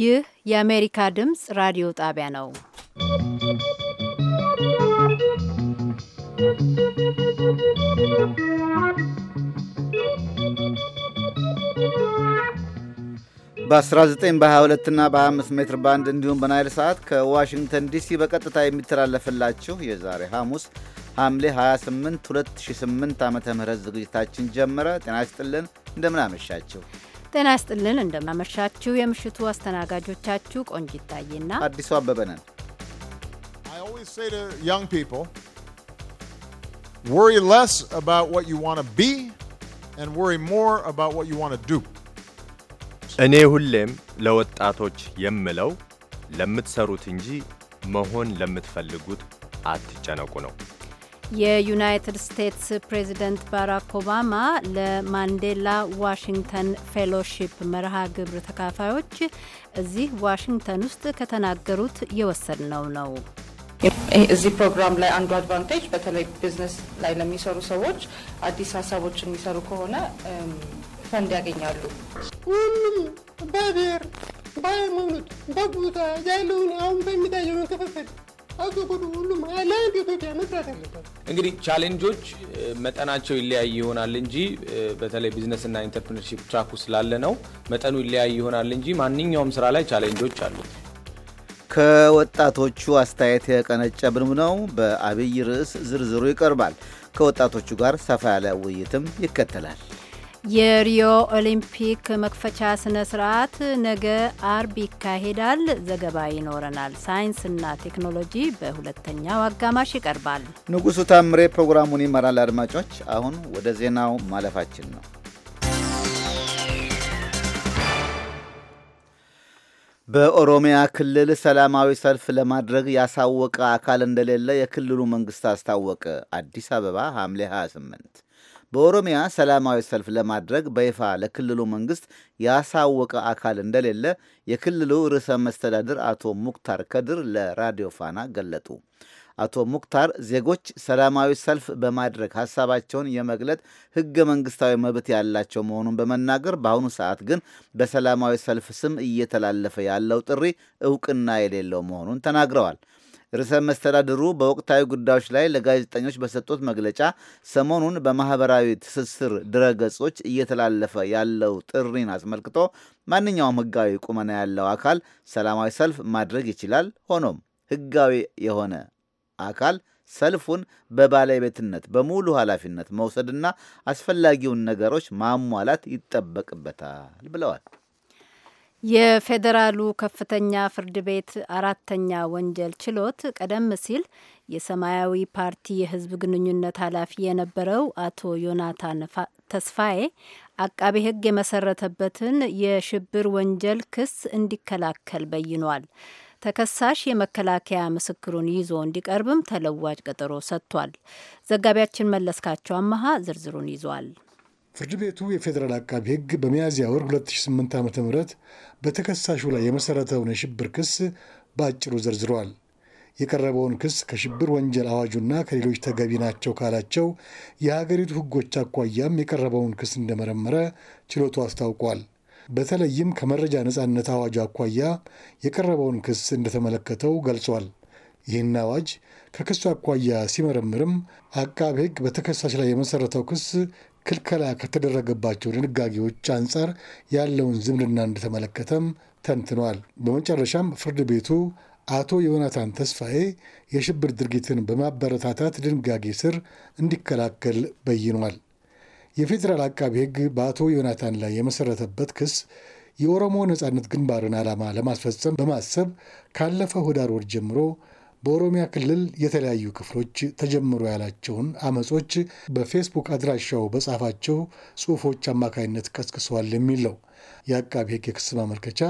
ይህ የአሜሪካ ድምፅ ራዲዮ ጣቢያ ነው። በ19 በ22 እና በ25 ሜትር ባንድ እንዲሁም በናይል ሰዓት ከዋሽንግተን ዲሲ በቀጥታ የሚተላለፍላችሁ የዛሬ ሐሙስ ሐምሌ 28 2008 ዓ ም ዝግጅታችን ጀመረ። ጤና ይስጥልን፣ እንደምን አመሻችሁ። ጤና ይስጥልን። እንደምናመሻችሁ የምሽቱ አስተናጋጆቻችሁ ቆንጂት ታዬና አዲሱ አበበ ነን። እኔ ሁሌም ለወጣቶች የምለው ለምትሰሩት እንጂ መሆን ለምትፈልጉት አትጨነቁ ነው። የዩናይትድ ስቴትስ ፕሬዚደንት ባራክ ኦባማ ለማንዴላ ዋሽንግተን ፌሎሺፕ መርሃ ግብር ተካፋዮች እዚህ ዋሽንግተን ውስጥ ከተናገሩት የወሰድነው ነው። እዚህ ፕሮግራም ላይ አንዱ አድቫንቴጅ በተለይ ቢዝነስ ላይ ለሚሰሩ ሰዎች አዲስ ሀሳቦች የሚሰሩ ከሆነ ፈንድ ያገኛሉ። ሁሉም በብሔር በሃይማኖት በቦታ ያለውን አሁን በሚታየውን ክፍፍል ሁሉም ኢትዮጵያ መስራት አለበት። እንግዲህ ቻሌንጆች መጠናቸው ይለያይ ይሆናል እንጂ በተለይ ቢዝነስና ኢንተርፕርነርሺፕ ትራኩ ስላለ ነው መጠኑ ይለያይ ይሆናል እንጂ ማንኛውም ስራ ላይ ቻሌንጆች አሉ። ከወጣቶቹ አስተያየት የቀነጨብንም ነው። በአብይ ርዕስ ዝርዝሩ ይቀርባል። ከወጣቶቹ ጋር ሰፋ ያለ ውይይትም ይከተላል። የሪዮ ኦሊምፒክ መክፈቻ ስነ ስርዓት ነገ አርብ ይካሄዳል። ዘገባ ይኖረናል። ሳይንስና ቴክኖሎጂ በሁለተኛው አጋማሽ ይቀርባል። ንጉሱ ታምሬ ፕሮግራሙን ይመራል። አድማጮች፣ አሁን ወደ ዜናው ማለፋችን ነው። በኦሮሚያ ክልል ሰላማዊ ሰልፍ ለማድረግ ያሳወቀ አካል እንደሌለ የክልሉ መንግስት አስታወቀ። አዲስ አበባ ሐምሌ 28 በኦሮሚያ ሰላማዊ ሰልፍ ለማድረግ በይፋ ለክልሉ መንግስት ያሳወቀ አካል እንደሌለ የክልሉ ርዕሰ መስተዳድር አቶ ሙክታር ከድር ለራዲዮ ፋና ገለጡ። አቶ ሙክታር ዜጎች ሰላማዊ ሰልፍ በማድረግ ሀሳባቸውን የመግለጥ ህገ መንግስታዊ መብት ያላቸው መሆኑን በመናገር በአሁኑ ሰዓት ግን በሰላማዊ ሰልፍ ስም እየተላለፈ ያለው ጥሪ እውቅና የሌለው መሆኑን ተናግረዋል። ርዕሰ መስተዳድሩ በወቅታዊ ጉዳዮች ላይ ለጋዜጠኞች በሰጡት መግለጫ ሰሞኑን በማህበራዊ ትስስር ድረገጾች እየተላለፈ ያለው ጥሪን አስመልክቶ ማንኛውም ህጋዊ ቁመና ያለው አካል ሰላማዊ ሰልፍ ማድረግ ይችላል። ሆኖም ህጋዊ የሆነ አካል ሰልፉን በባለቤትነት በሙሉ ኃላፊነት መውሰድና አስፈላጊውን ነገሮች ማሟላት ይጠበቅበታል ብለዋል። የፌዴራሉ ከፍተኛ ፍርድ ቤት አራተኛ ወንጀል ችሎት ቀደም ሲል የሰማያዊ ፓርቲ የሕዝብ ግንኙነት ኃላፊ የነበረው አቶ ዮናታን ተስፋዬ አቃቤ ሕግ የመሰረተበትን የሽብር ወንጀል ክስ እንዲከላከል በይኗል። ተከሳሽ የመከላከያ ምስክሩን ይዞ እንዲቀርብም ተለዋጭ ቀጠሮ ሰጥቷል። ዘጋቢያችን መለስካቸው አመሀ ዝርዝሩን ይዟል። ፍርድ ቤቱ የፌዴራል አቃቢ ሕግ በሚያዝያ ወር 2008 ዓ ም በተከሳሹ ላይ የመሠረተውን የሽብር ክስ በአጭሩ ዘርዝሯል። የቀረበውን ክስ ከሽብር ወንጀል አዋጁና ከሌሎች ተገቢ ናቸው ካላቸው የሀገሪቱ ሕጎች አኳያም የቀረበውን ክስ እንደመረመረ ችሎቱ አስታውቋል። በተለይም ከመረጃ ነፃነት አዋጁ አኳያ የቀረበውን ክስ እንደተመለከተው ገልጿል። ይህን አዋጅ ከክሱ አኳያ ሲመረምርም አቃቤ ሕግ በተከሳሽ ላይ የመሠረተው ክስ ክልከላ ከተደረገባቸው ድንጋጌዎች አንጻር ያለውን ዝምድና እንደተመለከተም ተንትኗል። በመጨረሻም ፍርድ ቤቱ አቶ ዮናታን ተስፋዬ የሽብር ድርጊትን በማበረታታት ድንጋጌ ስር እንዲከላከል በይኗል። የፌዴራል አቃቢ ሕግ በአቶ ዮናታን ላይ የመሰረተበት ክስ የኦሮሞ ነጻነት ግንባርን ዓላማ ለማስፈጸም በማሰብ ካለፈው ህዳር ወር ጀምሮ በኦሮሚያ ክልል የተለያዩ ክፍሎች ተጀምሮ ያላቸውን አመጾች በፌስቡክ አድራሻው በጻፋቸው ጽሁፎች አማካኝነት ቀስቅሰዋል የሚል ነው። የአቃቢ ህግ የክስ ማመልከቻ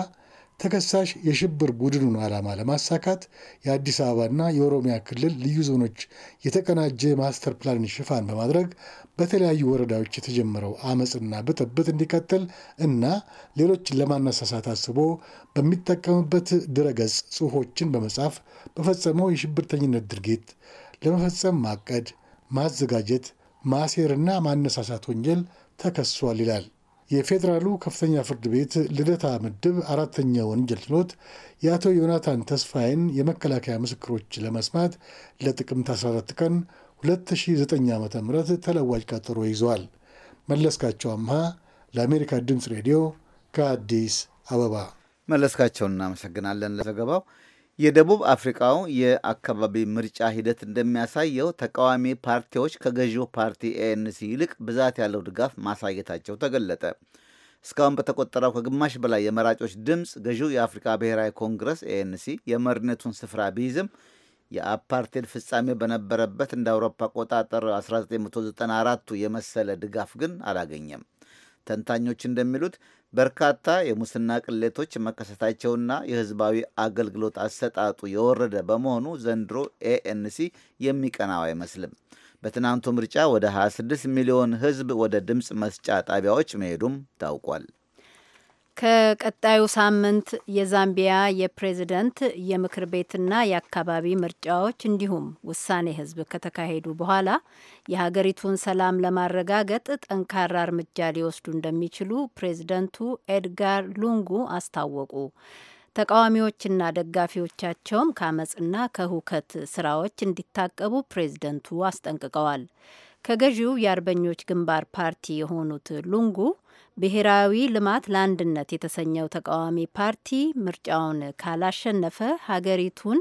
ተከሳሽ የሽብር ቡድኑን ዓላማ ለማሳካት የአዲስ አበባና የኦሮሚያ ክልል ልዩ ዞኖች የተቀናጀ ማስተር ፕላን ሽፋን በማድረግ በተለያዩ ወረዳዎች የተጀመረው አመፅና ብጥብጥ እንዲቀጥል እና ሌሎችን ለማነሳሳት አስቦ በሚጠቀምበት ድረገጽ ጽሑፎችን በመጻፍ በፈጸመው የሽብርተኝነት ድርጊት ለመፈጸም ማቀድ፣ ማዘጋጀት፣ ማሴርና ማነሳሳት ወንጀል ተከሷል ይላል። የፌዴራሉ ከፍተኛ ፍርድ ቤት ልደታ ምድብ አራተኛ ወንጀል ችሎት የአቶ ዮናታን ተስፋዬን የመከላከያ ምስክሮች ለመስማት ለጥቅምት 14 ቀን 2009 ም ተለዋጭ ቀጠሮ ይዘዋል። መለስካቸው አምሃ ለአሜሪካ ድምፅ ሬዲዮ ከአዲስ አበባ። መለስካቸውን እናመሰግናለን ለዘገባው። የደቡብ አፍሪካው የአካባቢ ምርጫ ሂደት እንደሚያሳየው ተቃዋሚ ፓርቲዎች ከገዢው ፓርቲ ኤንሲ ይልቅ ብዛት ያለው ድጋፍ ማሳየታቸው ተገለጠ። እስካሁን በተቆጠረው ከግማሽ በላይ የመራጮች ድምፅ ገዢው የአፍሪካ ብሔራዊ ኮንግረስ ኤንሲ የመሪነቱን ስፍራ ቢይዝም የአፓርቴድ ፍጻሜ በነበረበት እንደ አውሮፓ አቆጣጠር 1994ቱ የመሰለ ድጋፍ ግን አላገኘም። ተንታኞች እንደሚሉት በርካታ የሙስና ቅሌቶች መከሰታቸውና የህዝባዊ አገልግሎት አሰጣጡ የወረደ በመሆኑ ዘንድሮ ኤኤንሲ የሚቀናው አይመስልም። በትናንቱ ምርጫ ወደ 26 ሚሊዮን ህዝብ ወደ ድምፅ መስጫ ጣቢያዎች መሄዱም ታውቋል። ከቀጣዩ ሳምንት የዛምቢያ የፕሬዝደንት የምክር ቤትና የአካባቢ ምርጫዎች እንዲሁም ውሳኔ ህዝብ ከተካሄዱ በኋላ የሀገሪቱን ሰላም ለማረጋገጥ ጠንካራ እርምጃ ሊወስዱ እንደሚችሉ ፕሬዝደንቱ ኤድጋር ሉንጉ አስታወቁ። ተቃዋሚዎችና ደጋፊዎቻቸውም ከአመፅና ከሁከት ስራዎች እንዲታቀቡ ፕሬዝደንቱ አስጠንቅቀዋል። ከገዢው የአርበኞች ግንባር ፓርቲ የሆኑት ሉንጉ ብሔራዊ ልማት ለአንድነት የተሰኘው ተቃዋሚ ፓርቲ ምርጫውን ካላሸነፈ ሀገሪቱን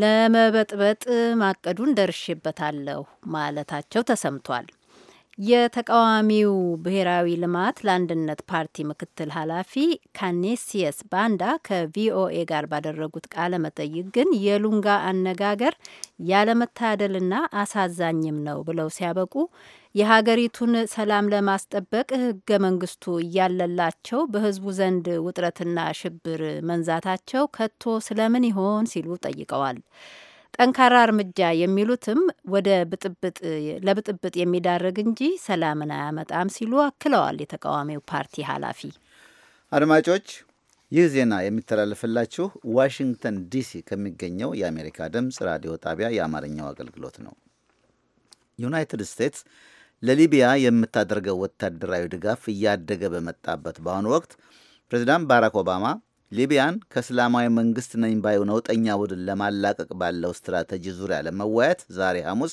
ለመበጥበጥ ማቀዱን ደርሽበታለሁ ማለታቸው ተሰምቷል። የተቃዋሚው ብሔራዊ ልማት ለአንድነት ፓርቲ ምክትል ኃላፊ ካኔሲየስ ባንዳ ከቪኦኤ ጋር ባደረጉት ቃለ መጠይቅ ግን የሉንጋ አነጋገር ያለመታደልና አሳዛኝም ነው ብለው ሲያበቁ የሀገሪቱን ሰላም ለማስጠበቅ ህገ መንግስቱ እያለላቸው በህዝቡ ዘንድ ውጥረትና ሽብር መንዛታቸው ከቶ ስለምን ይሆን ሲሉ ጠይቀዋል። ጠንካራ እርምጃ የሚሉትም ወደ ብጥብጥ ለብጥብጥ የሚዳረግ እንጂ ሰላምን አያመጣም ሲሉ አክለዋል የተቃዋሚው ፓርቲ ኃላፊ። አድማጮች ይህ ዜና የሚተላለፍላችሁ ዋሽንግተን ዲሲ ከሚገኘው የአሜሪካ ድምፅ ራዲዮ ጣቢያ የአማርኛው አገልግሎት ነው። ዩናይትድ ስቴትስ ለሊቢያ የምታደርገው ወታደራዊ ድጋፍ እያደገ በመጣበት በአሁኑ ወቅት ፕሬዚዳንት ባራክ ኦባማ ሊቢያን ከእስላማዊ መንግስት ነኝ ባዩ ነውጠኛ ቡድን ለማላቀቅ ባለው ስትራቴጂ ዙሪያ ለመወያየት ዛሬ ሐሙስ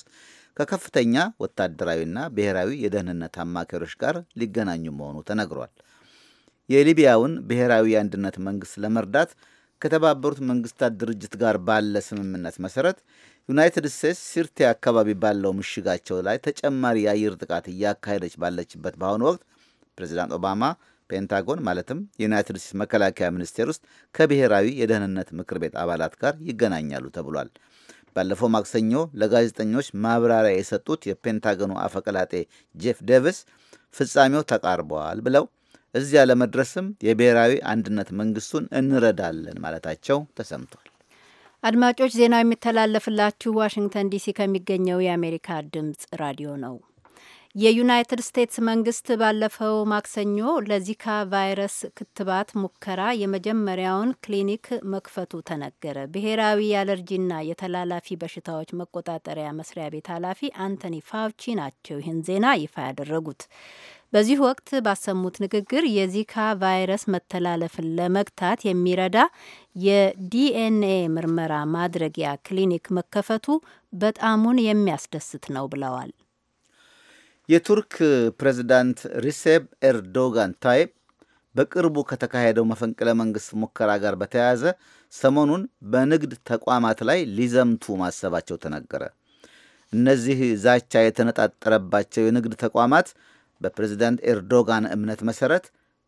ከከፍተኛ ወታደራዊና ብሔራዊ የደህንነት አማካሪዎች ጋር ሊገናኙ መሆኑ ተነግሯል። የሊቢያውን ብሔራዊ የአንድነት መንግስት ለመርዳት ከተባበሩት መንግስታት ድርጅት ጋር ባለ ስምምነት መሰረት ዩናይትድ ስቴትስ ሲርቴ አካባቢ ባለው ምሽጋቸው ላይ ተጨማሪ የአየር ጥቃት እያካሄደች ባለችበት በአሁኑ ወቅት ፕሬዚዳንት ኦባማ ፔንታጎን ማለትም የዩናይትድ ስቴትስ መከላከያ ሚኒስቴር ውስጥ ከብሔራዊ የደህንነት ምክር ቤት አባላት ጋር ይገናኛሉ ተብሏል። ባለፈው ማክሰኞ ለጋዜጠኞች ማብራሪያ የሰጡት የፔንታገኑ አፈቀላጤ ጄፍ ዴቪስ ፍጻሜው ተቃርበዋል ብለው እዚያ ለመድረስም የብሔራዊ አንድነት መንግስቱን እንረዳለን ማለታቸው ተሰምቷል። አድማጮች ዜናው የሚተላለፍላችሁ ዋሽንግተን ዲሲ ከሚገኘው የአሜሪካ ድምፅ ራዲዮ ነው። የዩናይትድ ስቴትስ መንግስት ባለፈው ማክሰኞ ለዚካ ቫይረስ ክትባት ሙከራ የመጀመሪያውን ክሊኒክ መክፈቱ ተነገረ። ብሔራዊ የአለርጂና የተላላፊ በሽታዎች መቆጣጠሪያ መስሪያ ቤት ኃላፊ አንቶኒ ፋውቺ ናቸው ይህን ዜና ይፋ ያደረጉት። በዚህ ወቅት ባሰሙት ንግግር የዚካ ቫይረስ መተላለፍን ለመግታት የሚረዳ የዲኤንኤ ምርመራ ማድረጊያ ክሊኒክ መከፈቱ በጣሙን የሚያስደስት ነው ብለዋል። የቱርክ ፕሬዚዳንት ሪሴፕ ኤርዶጋን ታይፕ በቅርቡ ከተካሄደው መፈንቅለ መንግስት ሙከራ ጋር በተያያዘ ሰሞኑን በንግድ ተቋማት ላይ ሊዘምቱ ማሰባቸው ተነገረ። እነዚህ ዛቻ የተነጣጠረባቸው የንግድ ተቋማት በፕሬዚዳንት ኤርዶጋን እምነት መሠረት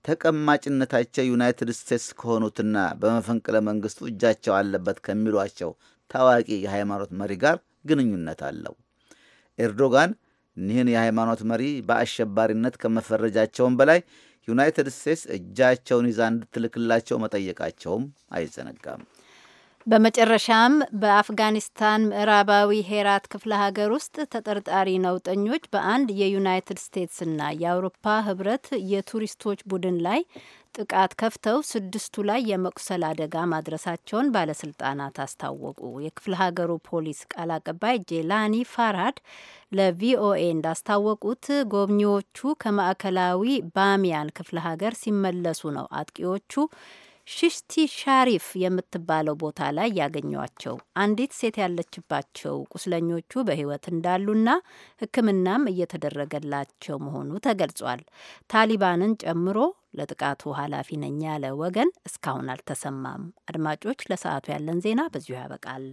ተቀማጭነታቸው ዩናይትድ ስቴትስ ከሆኑትና በመፈንቅለ መንግስቱ እጃቸው አለበት ከሚሏቸው ታዋቂ የሃይማኖት መሪ ጋር ግንኙነት አለው። ኤርዶጋን እኒህን የሃይማኖት መሪ በአሸባሪነት ከመፈረጃቸውም በላይ ዩናይትድ ስቴትስ እጃቸውን ይዛ እንድትልክላቸው መጠየቃቸውም አይዘነጋም። በመጨረሻም በአፍጋኒስታን ምዕራባዊ ሄራት ክፍለ ሀገር ውስጥ ተጠርጣሪ ነውጠኞች በአንድ የዩናይትድ ስቴትስና የአውሮፓ ህብረት የቱሪስቶች ቡድን ላይ ጥቃት ከፍተው ስድስቱ ላይ የመቁሰል አደጋ ማድረሳቸውን ባለስልጣናት አስታወቁ። የክፍለ ሀገሩ ፖሊስ ቃል አቀባይ ጄላኒ ፋራድ ለቪኦኤ እንዳስታወቁት ጎብኚዎቹ ከማዕከላዊ ባሚያን ክፍለ ሀገር ሲመለሱ ነው አጥቂዎቹ ሽሽቲ ሻሪፍ የምትባለው ቦታ ላይ ያገኟቸው አንዲት ሴት ያለችባቸው ቁስለኞቹ በሕይወት እንዳሉና ሕክምናም እየተደረገላቸው መሆኑ ተገልጿል። ታሊባንን ጨምሮ ለጥቃቱ ኃላፊ ነኝ ያለ ወገን እስካሁን አልተሰማም። አድማጮች፣ ለሰዓቱ ያለን ዜና በዚሁ ያበቃል።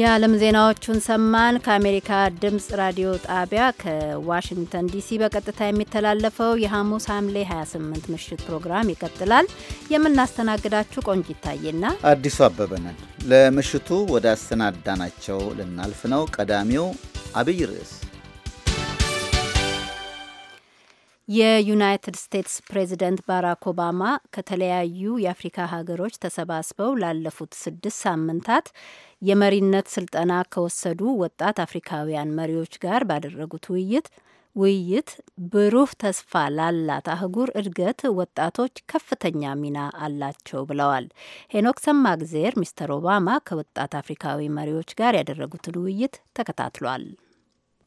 የዓለም ዜናዎቹን ሰማን። ከአሜሪካ ድምፅ ራዲዮ ጣቢያ ከዋሽንግተን ዲሲ በቀጥታ የሚተላለፈው የሐሙስ ሐምሌ 28 ምሽት ፕሮግራም ይቀጥላል። የምናስተናግዳችሁ ቆንጅ ይታየና አዲሱ አበበ ነን። ለምሽቱ ወደ አሰናዳናቸው ልናልፍ ነው። ቀዳሚው አብይ ርዕስ የዩናይትድ ስቴትስ ፕሬዚደንት ባራክ ኦባማ ከተለያዩ የአፍሪካ ሀገሮች ተሰባስበው ላለፉት ስድስት ሳምንታት የመሪነት ስልጠና ከወሰዱ ወጣት አፍሪካውያን መሪዎች ጋር ባደረጉት ውይይት ውይይት ብሩህ ተስፋ ላላት አህጉር እድገት ወጣቶች ከፍተኛ ሚና አላቸው ብለዋል። ሄኖክ ሰማግዜር ሚስተር ኦባማ ከወጣት አፍሪካዊ መሪዎች ጋር ያደረጉትን ውይይት ተከታትሏል።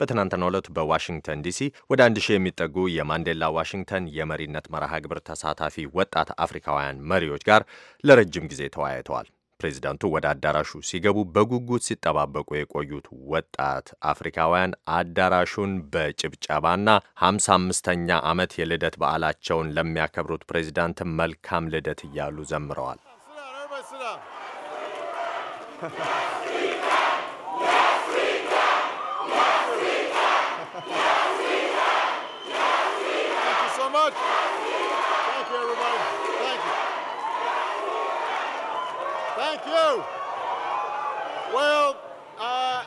በትናንትናው ዕለት በዋሽንግተን ዲሲ ወደ አንድ ሺህ የሚጠጉ የማንዴላ ዋሽንግተን የመሪነት መርሃ ግብር ተሳታፊ ወጣት አፍሪካውያን መሪዎች ጋር ለረጅም ጊዜ ተወያይተዋል። ፕሬዚዳንቱ ወደ አዳራሹ ሲገቡ በጉጉት ሲጠባበቁ የቆዩት ወጣት አፍሪካውያን አዳራሹን በጭብጨባና 55ኛ ዓመት የልደት በዓላቸውን ለሚያከብሩት ፕሬዚዳንት መልካም ልደት እያሉ ዘምረዋል። Well, uh,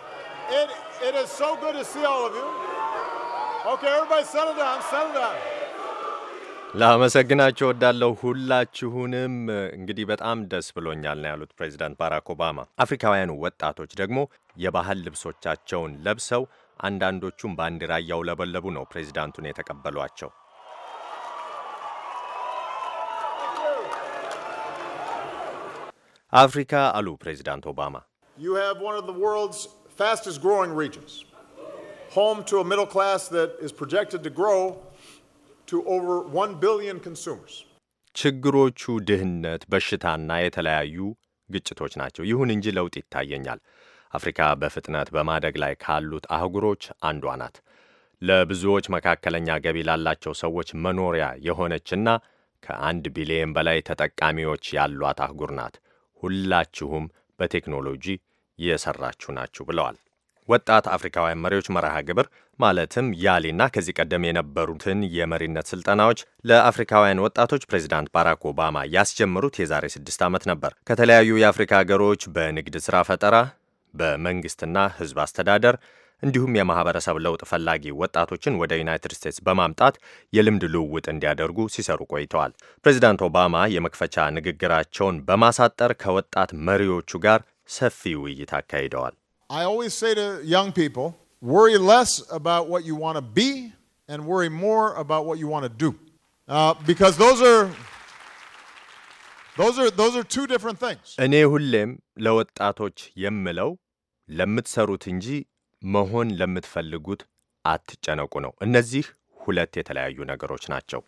it, it is so good to see all of you. Okay, everybody settle down, settle down. ላመሰግናችሁ ወዳለው ሁላችሁንም። እንግዲህ በጣም ደስ ብሎኛል ነው ያሉት ፕሬዚዳንት ባራክ ኦባማ። አፍሪካውያኑ ወጣቶች ደግሞ የባህል ልብሶቻቸውን ለብሰው አንዳንዶቹም ባንዲራ እያውለበለቡ ነው ፕሬዚዳንቱን የተቀበሏቸው። አፍሪካ አሉ ፕሬዚዳንት ኦባማ ችግሮቹ ድህነት፣ በሽታና የተለያዩ ግጭቶች ናቸው። ይሁን እንጂ ለውጥ ይታየኛል። አፍሪካ በፍጥነት በማደግ ላይ ካሉት አህጉሮች አንዷ ናት። ለብዙዎች መካከለኛ ገቢ ላላቸው ሰዎች መኖሪያ የሆነችና ከአንድ ቢሊየን በላይ ተጠቃሚዎች ያሏት አህጉር ናት። ሁላችሁም በቴክኖሎጂ የሰራችሁ ናችሁ ብለዋል። ወጣት አፍሪካውያን መሪዎች መርሃ ግብር ማለትም ያሌና ከዚህ ቀደም የነበሩትን የመሪነት ስልጠናዎች ለአፍሪካውያን ወጣቶች ፕሬዚዳንት ባራክ ኦባማ ያስጀመሩት የዛሬ ስድስት ዓመት ነበር። ከተለያዩ የአፍሪካ ሀገሮች በንግድ ሥራ ፈጠራ፣ በመንግሥትና ሕዝብ አስተዳደር እንዲሁም የማህበረሰብ ለውጥ ፈላጊ ወጣቶችን ወደ ዩናይትድ ስቴትስ በማምጣት የልምድ ልውውጥ እንዲያደርጉ ሲሰሩ ቆይተዋል። ፕሬዚዳንት ኦባማ የመክፈቻ ንግግራቸውን በማሳጠር ከወጣት መሪዎቹ ጋር ሰፊ ውይይት አካሂደዋል። uh, እኔ ሁሌም ለወጣቶች የምለው ለምትሰሩት እንጂ መሆን ለምትፈልጉት አትጨነቁ ነው። እነዚህ ሁለት የተለያዩ ነገሮች ናቸው።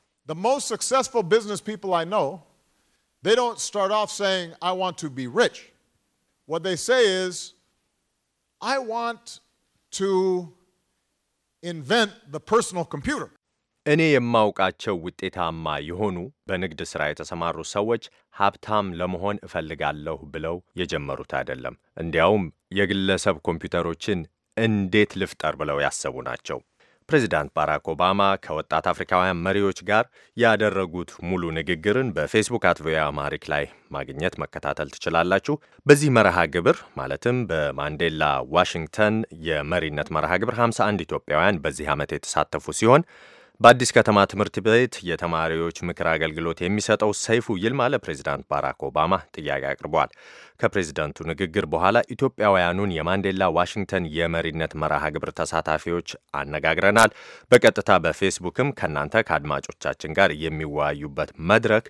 እኔ የማውቃቸው ውጤታማ የሆኑ በንግድ ሥራ የተሰማሩ ሰዎች ሀብታም ለመሆን እፈልጋለሁ ብለው የጀመሩት አይደለም። እንዲያውም የግለሰብ ኮምፒውተሮችን እንዴት ልፍጠር ብለው ያሰቡ ናቸው። ፕሬዚዳንት ባራክ ኦባማ ከወጣት አፍሪካውያን መሪዎች ጋር ያደረጉት ሙሉ ንግግርን በፌስቡክ አት ቪኦኤ አማሪክ ላይ ማግኘት መከታተል ትችላላችሁ። በዚህ መርሃ ግብር ማለትም በማንዴላ ዋሽንግተን የመሪነት መርሃ ግብር 51 ኢትዮጵያውያን በዚህ ዓመት የተሳተፉ ሲሆን በአዲስ ከተማ ትምህርት ቤት የተማሪዎች ምክር አገልግሎት የሚሰጠው ሰይፉ ይልማ ለፕሬዚዳንት ባራክ ኦባማ ጥያቄ አቅርበዋል። ከፕሬዚዳንቱ ንግግር በኋላ ኢትዮጵያውያኑን የማንዴላ ዋሽንግተን የመሪነት መርሃ ግብር ተሳታፊዎች አነጋግረናል። በቀጥታ በፌስቡክም ከእናንተ ከአድማጮቻችን ጋር የሚወያዩበት መድረክ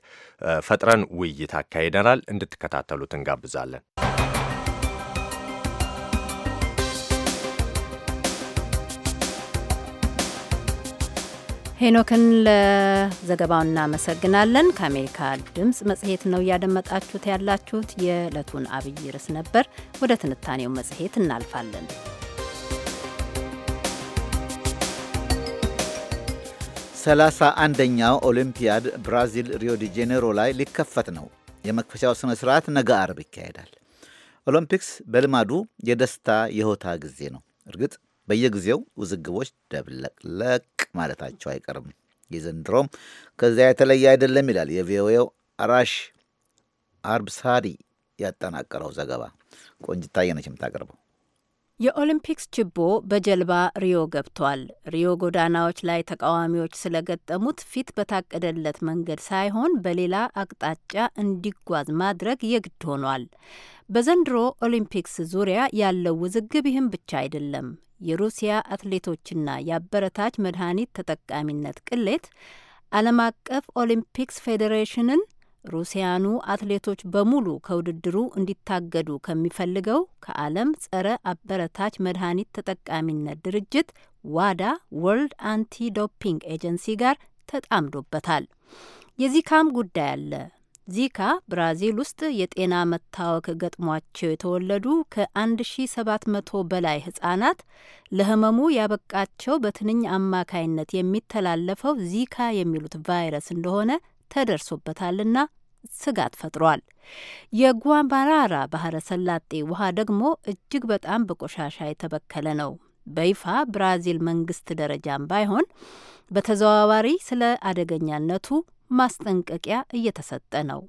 ፈጥረን ውይይት አካሂደናል። እንድትከታተሉት እንጋብዛለን። ሄኖክን ለዘገባው እናመሰግናለን። ከአሜሪካ ድምፅ መጽሔት ነው እያደመጣችሁት ያላችሁት። የዕለቱን አብይ ርዕስ ነበር። ወደ ትንታኔው መጽሔት እናልፋለን። ሰላሳ አንደኛው ኦሊምፒያድ ብራዚል ሪዮ ዲ ጄኔሮ ላይ ሊከፈት ነው። የመክፈቻው ስነ ስርዓት ነገ አርብ ይካሄዳል። ኦሎምፒክስ በልማዱ የደስታ የሆታ ጊዜ ነው። እርግጥ በየጊዜው ውዝግቦች ደብለቅለቅ ማለታቸው አይቀርም። የዘንድሮም ከዚያ የተለየ አይደለም ይላል የቪኦኤው አራሽ አርብሳሪ ያጠናቀረው ዘገባ። ቆንጅታ የነች የምታቀርበው። የኦሊምፒክስ ችቦ በጀልባ ሪዮ ገብቷል። ሪዮ ጎዳናዎች ላይ ተቃዋሚዎች ስለገጠሙት ፊት በታቀደለት መንገድ ሳይሆን በሌላ አቅጣጫ እንዲጓዝ ማድረግ የግድ ሆኗል። በዘንድሮ ኦሊምፒክስ ዙሪያ ያለው ውዝግብ ይህም ብቻ አይደለም። የሩሲያ አትሌቶችና የአበረታች መድኃኒት ተጠቃሚነት ቅሌት ዓለም አቀፍ ኦሊምፒክስ ፌዴሬሽንን ሩሲያኑ አትሌቶች በሙሉ ከውድድሩ እንዲታገዱ ከሚፈልገው ከዓለም ጸረ አበረታች መድኃኒት ተጠቃሚነት ድርጅት ዋዳ ወርልድ አንቲ ዶፒንግ ኤጀንሲ ጋር ተጣምዶበታል። የዚካም ጉዳይ አለ። ዚካ ብራዚል ውስጥ የጤና መታወክ ገጥሟቸው የተወለዱ ከ1700 በላይ ህጻናት ለህመሙ ያበቃቸው በትንኝ አማካይነት የሚተላለፈው ዚካ የሚሉት ቫይረስ እንደሆነ ተደርሶበታልና ስጋት ፈጥሯል። የጓምባራራ ባህረ ሰላጤ ውሃ ደግሞ እጅግ በጣም በቆሻሻ የተበከለ ነው። በይፋ ብራዚል መንግስት ደረጃም ባይሆን በተዘዋዋሪ ስለ አደገኛነቱ ማስጠንቀቂያ እየተሰጠ ነው።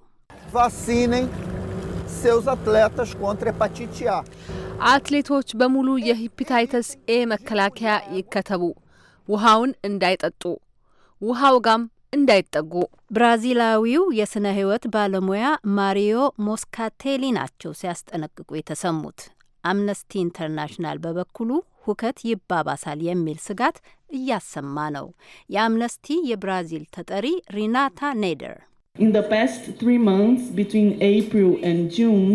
አትሌቶች አትሌቶች በሙሉ የሂፒታይተስ ኤ መከላከያ ይከተቡ፣ ውሃውን እንዳይጠጡ፣ ውሃው ጋም እንዳይጠጉ። ብራዚላዊው የሥነ ሕይወት ባለሙያ ማሪዮ ሞስካቴሊ ናቸው ሲያስጠነቅቁ የተሰሙት። አምነስቲ ኢንተርናሽናል በበኩሉ ሁከት ይባባሳል የሚል ስጋት እያሰማ ነው። የአምነስቲ የብራዚል ተጠሪ ሪናታ ኔደር In the past three months, between April and June,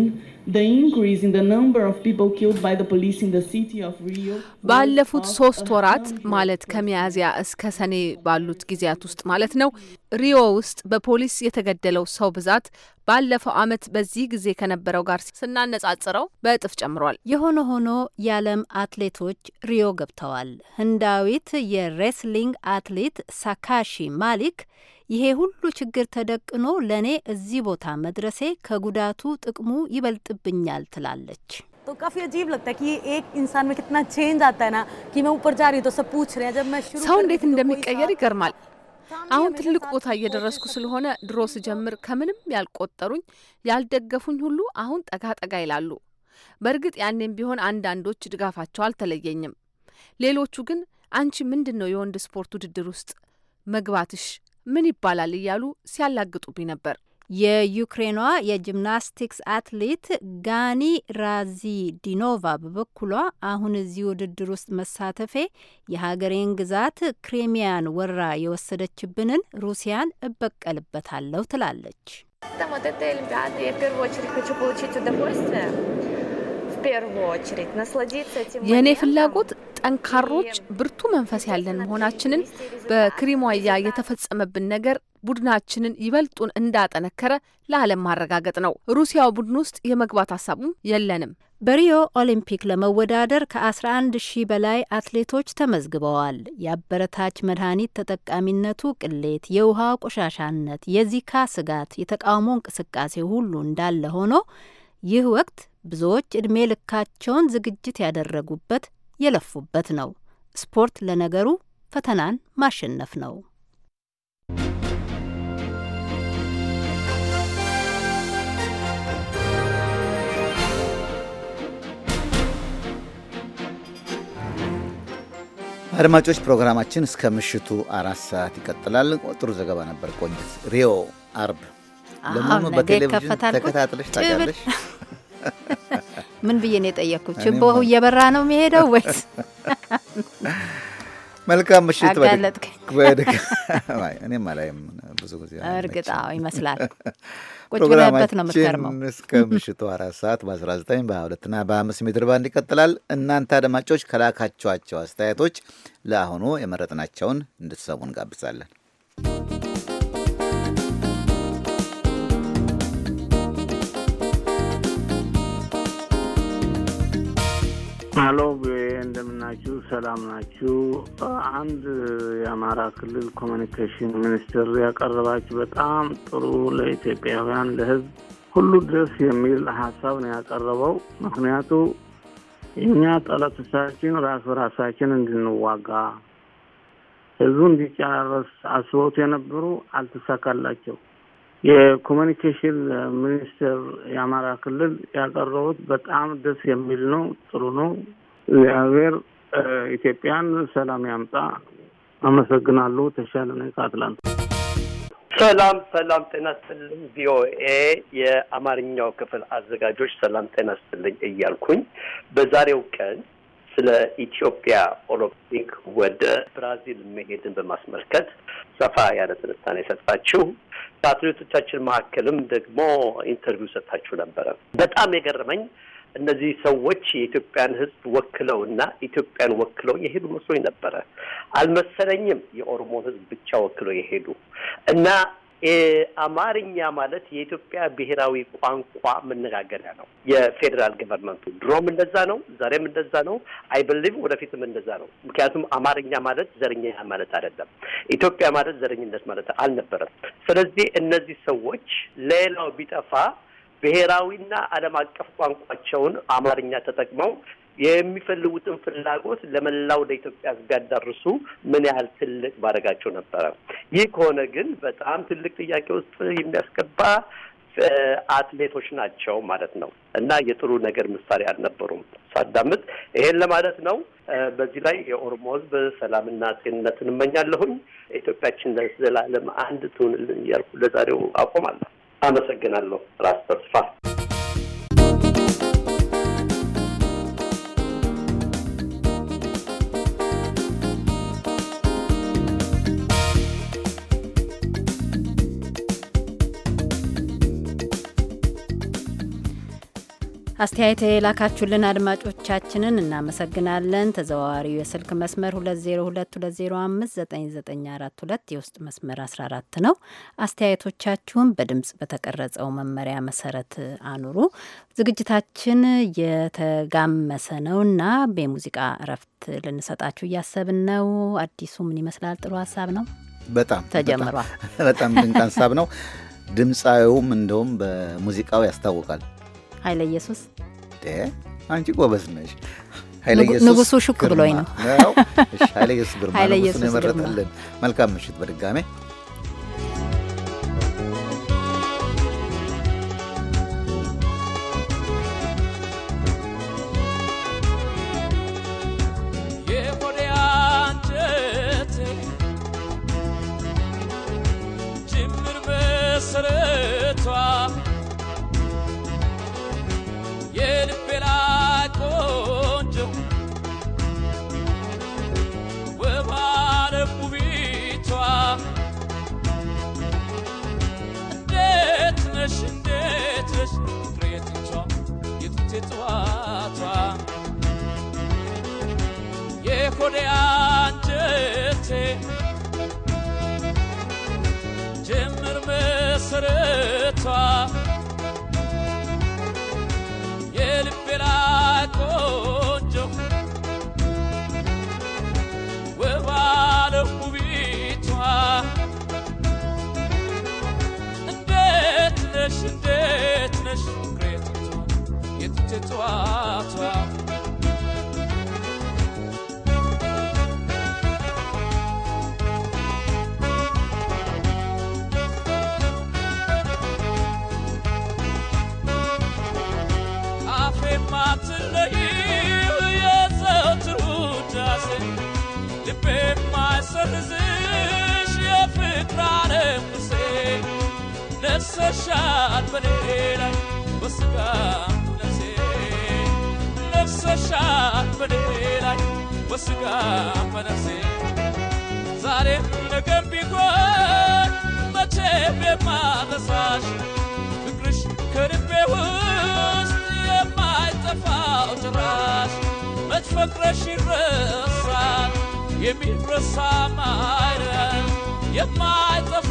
ባለፉት ሶስት ወራት ማለት ከሚያዝያ እስከ ሰኔ ባሉት ጊዜያት ውስጥ ማለት ነው ሪዮ ውስጥ በፖሊስ የተገደለው ሰው ብዛት ባለፈው ዓመት በዚህ ጊዜ ከነበረው ጋር ስናነጻጽረው በእጥፍ ጨምሯል። የሆነ ሆኖ የዓለም አትሌቶች ሪዮ ገብተዋል። ህንዳዊት የሬስሊንግ አትሌት ሳካሺ ማሊክ ይሄ ሁሉ ችግር ተደቅኖ ለእኔ እዚህ ቦታ መድረሴ ከጉዳቱ ጥቅሙ ይበልጥብኛል ትላለች። ሰው እንዴት እንደሚቀየር ይገርማል። አሁን ትልቅ ቦታ እየደረስኩ ስለሆነ ድሮ ስጀምር ከምንም ያልቆጠሩኝ ያልደገፉኝ ሁሉ አሁን ጠጋ ጠጋ ይላሉ። በእርግጥ ያኔም ቢሆን አንዳንዶች ድጋፋቸው አልተለየኝም። ሌሎቹ ግን አንቺ ምንድን ነው የወንድ ስፖርት ውድድር ውስጥ መግባትሽ ምን ይባላል እያሉ ሲያላግጡብኝ ነበር። የዩክሬኗ የጂምናስቲክስ አትሌት ጋኒ ራዚዲኖቫ በበኩሏ አሁን እዚህ ውድድር ውስጥ መሳተፌ የሀገሬን ግዛት ክሬሚያን ወራ የወሰደችብንን ሩሲያን እበቀልበታለሁ ትላለች። የእኔ ፍላጎት ጠንካሮች፣ ብርቱ መንፈስ ያለን መሆናችንን በክሪሞያ የተፈጸመብን ነገር ቡድናችንን ይበልጡን እንዳጠነከረ ለዓለም ማረጋገጥ ነው። ሩሲያው ቡድን ውስጥ የመግባት ሀሳቡም የለንም። በሪዮ ኦሊምፒክ ለመወዳደር ከ11 ሺህ በላይ አትሌቶች ተመዝግበዋል። የአበረታች መድኃኒት ተጠቃሚነቱ ቅሌት፣ የውሃ ቆሻሻነት፣ የዚካ ስጋት፣ የተቃውሞ እንቅስቃሴ ሁሉ እንዳለ ሆኖ ይህ ወቅት ብዙዎች ዕድሜ ልካቸውን ዝግጅት ያደረጉበት የለፉበት ነው። ስፖርት ለነገሩ ፈተናን ማሸነፍ ነው። አድማጮች ፕሮግራማችን እስከ ምሽቱ አራት ሰዓት ይቀጥላል። ጥሩ ዘገባ ነበር ቆንጅት። ሪዮ አርብ ለመሆኑ በቴሌቪዥን ተከታትለሽ ታውቂያለሽ? ምን ብዬ ነው የጠየቅኩት? ችቦ እየበራ ነው የሚሄደው ወይስ? መልካም ምሽት። እኔም አላይም ብዙ ጊዜ ይመስላል ቁጭ ብለህበት ነው የምትከርመው። እስከ ምሽቱ አራት ሰዓት በ19 በ22 እና በ 5 ሜትር ባንድ ይቀጥላል። እናንተ አድማጮች ከላካችኋቸው አስተያየቶች ለአሁኑ የመረጥናቸውን እንድትሰሙ እንጋብዛለን። አሎ እንደምናችሁ፣ ሰላም ናችሁ? አንድ የአማራ ክልል ኮሚኒኬሽን ሚኒስቴር ያቀረባችሁ በጣም ጥሩ ለኢትዮጵያውያን ለህዝብ ሁሉ ድረስ የሚል ሀሳብ ነው ያቀረበው። ምክንያቱ እኛ ጠላቶቻችን ራስ በራሳችን እንድንዋጋ ህዝቡ እንዲጨራረስ አስቦት የነበሩ አልተሳካላቸው የኮሚኒኬሽን ሚኒስቴር የአማራ ክልል ያቀረቡት በጣም ደስ የሚል ነው። ጥሩ ነው። እግዚአብሔር ኢትዮጵያን ሰላም ያምጣ። አመሰግናለሁ። ተሻለ ነኝ ሰላም ሰላም፣ ጤና ስትልኝ ቪኦኤ የአማርኛው ክፍል አዘጋጆች ሰላም ጤና ስጥልኝ እያልኩኝ በዛሬው ቀን ስለ ኢትዮጵያ ኦሎምፒክ ወደ ብራዚል መሄድን በማስመልከት ሰፋ ያለ ትንታኔ ሰጥታችሁ በአትሌቶቻችን መካከልም ደግሞ ኢንተርቪው ሰጥታችሁ ነበረ። በጣም የገረመኝ እነዚህ ሰዎች የኢትዮጵያን ሕዝብ ወክለው እና ኢትዮጵያን ወክለው የሄዱ መስሎኝ ነበረ። አልመሰለኝም የኦሮሞን ሕዝብ ብቻ ወክለው የሄዱ እና አማርኛ ማለት የኢትዮጵያ ብሔራዊ ቋንቋ መነጋገሪያ ነው። የፌዴራል ገቨርንመንቱ ድሮም እንደዛ ነው፣ ዛሬም እንደዛ ነው። አይ ብሊቭ ወደፊትም እንደዛ ነው። ምክንያቱም አማርኛ ማለት ዘረኛ ማለት አይደለም። ኢትዮጵያ ማለት ዘረኝነት ማለት አልነበረም። ስለዚህ እነዚህ ሰዎች ሌላው ቢጠፋ ብሔራዊና ዓለም አቀፍ ቋንቋቸውን አማርኛ ተጠቅመው የሚፈልጉትን ፍላጎት ለመላው ለኢትዮጵያ ሕዝብ ያዳርሱ ምን ያህል ትልቅ ባደረጋቸው ነበረ። ይህ ከሆነ ግን በጣም ትልቅ ጥያቄ ውስጥ የሚያስገባ አትሌቶች ናቸው ማለት ነው እና የጥሩ ነገር ምሳሌ አልነበሩም። ሳዳምጥ ይሄን ለማለት ነው። በዚህ ላይ የኦሮሞ ህዝብ ሰላምና ጤንነትን እመኛለሁኝ። ኢትዮጵያችን ለዘላለም አንድ ትሁንልን እያልኩ ለዛሬው አቆማለሁ። አመሰግናለሁ። ራስ ተስፋ አስተያየት የላካችሁልን አድማጮቻችንን እናመሰግናለን። ተዘዋዋሪው የስልክ መስመር 2022059942 የውስጥ መስመር 14 ነው። አስተያየቶቻችሁን በድምጽ በተቀረጸው መመሪያ መሰረት አኑሩ። ዝግጅታችን የተጋመሰ ነውና በሙዚቃ እረፍት ልንሰጣችሁ እያሰብን ነው። አዲሱ ምን ይመስላል? ጥሩ ሀሳብ ነው። በጣም ተጀምሯል። በጣም ድንቅ ሀሳብ ነው። ድምፃዊውም እንደውም በሙዚቃው ያስታውቃል። ኃይለ ኢየሱስ አንቺ ጎበዝ ነሽ። ንጉሱ ሹክ ብሎኝ ነው። ኃይለ ኢየሱስ ግርማ ነው የመረጠልን። መልካም ምሽት በድጋሜ ወደ አንጀቴ ጀምር መሰረቷ የልቤ ላይ ቆንጆ ውብ ውቢቷ እንዴት ነሽ እንዴት ነሽ ፍቅሬ ለብሰሻት በኔ ላይ በስጋ ነፍሴ ለብሰሻት በኔ በስጋ በነፍሴ ዛሬም ነገም ቢሆን መቼም የማረሳሽ ፍቅርሽ ከልቤ ውስጥ የማይጠፋው ጭራሽ መች ይረሳል የማይጠፋ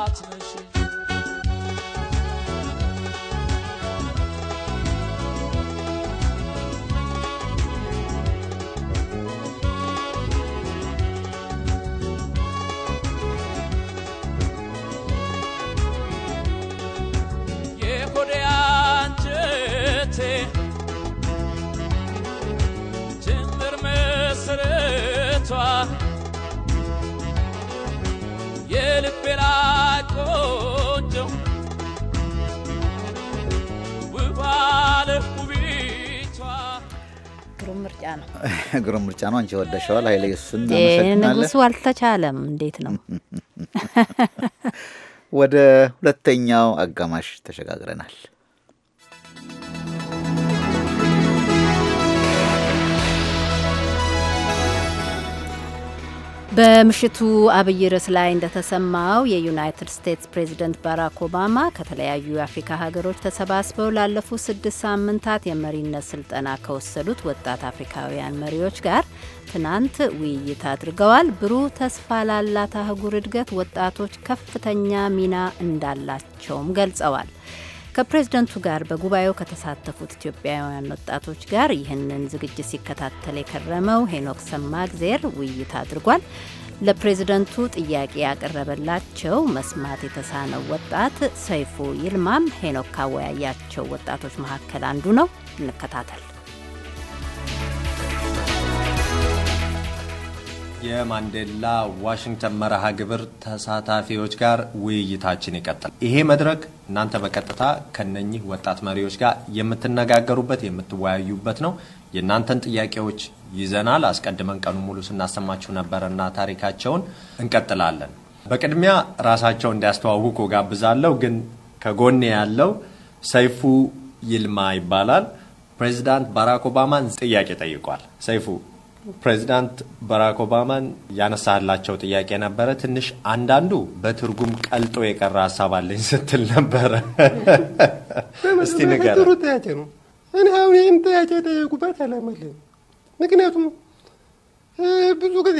ምርጫ ነው። ግሩም ምርጫ ነው። አንቺ ወደሸዋል። ኃይለ የሱስን ንጉሱ አልተቻለም። እንዴት ነው? ወደ ሁለተኛው አጋማሽ ተሸጋግረናል። በምሽቱ አብይ ርዕስ ላይ እንደተሰማው የዩናይትድ ስቴትስ ፕሬዚደንት ባራክ ኦባማ ከተለያዩ የአፍሪካ ሀገሮች ተሰባስበው ላለፉት ስድስት ሳምንታት የመሪነት ስልጠና ከወሰዱት ወጣት አፍሪካውያን መሪዎች ጋር ትናንት ውይይት አድርገዋል። ብሩህ ተስፋ ላላት አህጉር እድገት ወጣቶች ከፍተኛ ሚና እንዳላቸውም ገልጸዋል። ከፕሬዝደንቱ ጋር በጉባኤው ከተሳተፉት ኢትዮጵያውያን ወጣቶች ጋር ይህንን ዝግጅት ሲከታተል የከረመው ሄኖክ ሰማግዜር ውይይት አድርጓል። ለፕሬዝደንቱ ጥያቄ ያቀረበላቸው መስማት የተሳነው ወጣት ሰይፉ ይልማም ሄኖክ ካወያያቸው ወጣቶች መካከል አንዱ ነው። እንከታተል። የማንዴላ ዋሽንግተን መርሃ ግብር ተሳታፊዎች ጋር ውይይታችን ይቀጥላል። ይሄ መድረክ እናንተ በቀጥታ ከነኚህ ወጣት መሪዎች ጋር የምትነጋገሩበት የምትወያዩበት ነው። የእናንተን ጥያቄዎች ይዘናል። አስቀድመን ቀኑ ሙሉ ስናሰማችሁ ነበረና ታሪካቸውን እንቀጥላለን። በቅድሚያ ራሳቸው እንዲያስተዋውቁ ጋብዛለሁ። ግን ከጎኔ ያለው ሰይፉ ይልማ ይባላል። ፕሬዚዳንት ባራክ ኦባማን ጥያቄ ጠይቋል። ሰይፉ ፕሬዚዳንት ባራክ ኦባማን ያነሳላቸው ጥያቄ ነበረ። ትንሽ አንዳንዱ በትርጉም ቀልጦ የቀረ ሀሳብ አለኝ ስትል ነበረ። እስቲ ንገረን። ጥሩ ጥያቄ ነው። እኔ አሁን ይህን ጥያቄ የጠየቁበት አላመለኝ። ምክንያቱም ብዙ ጊዜ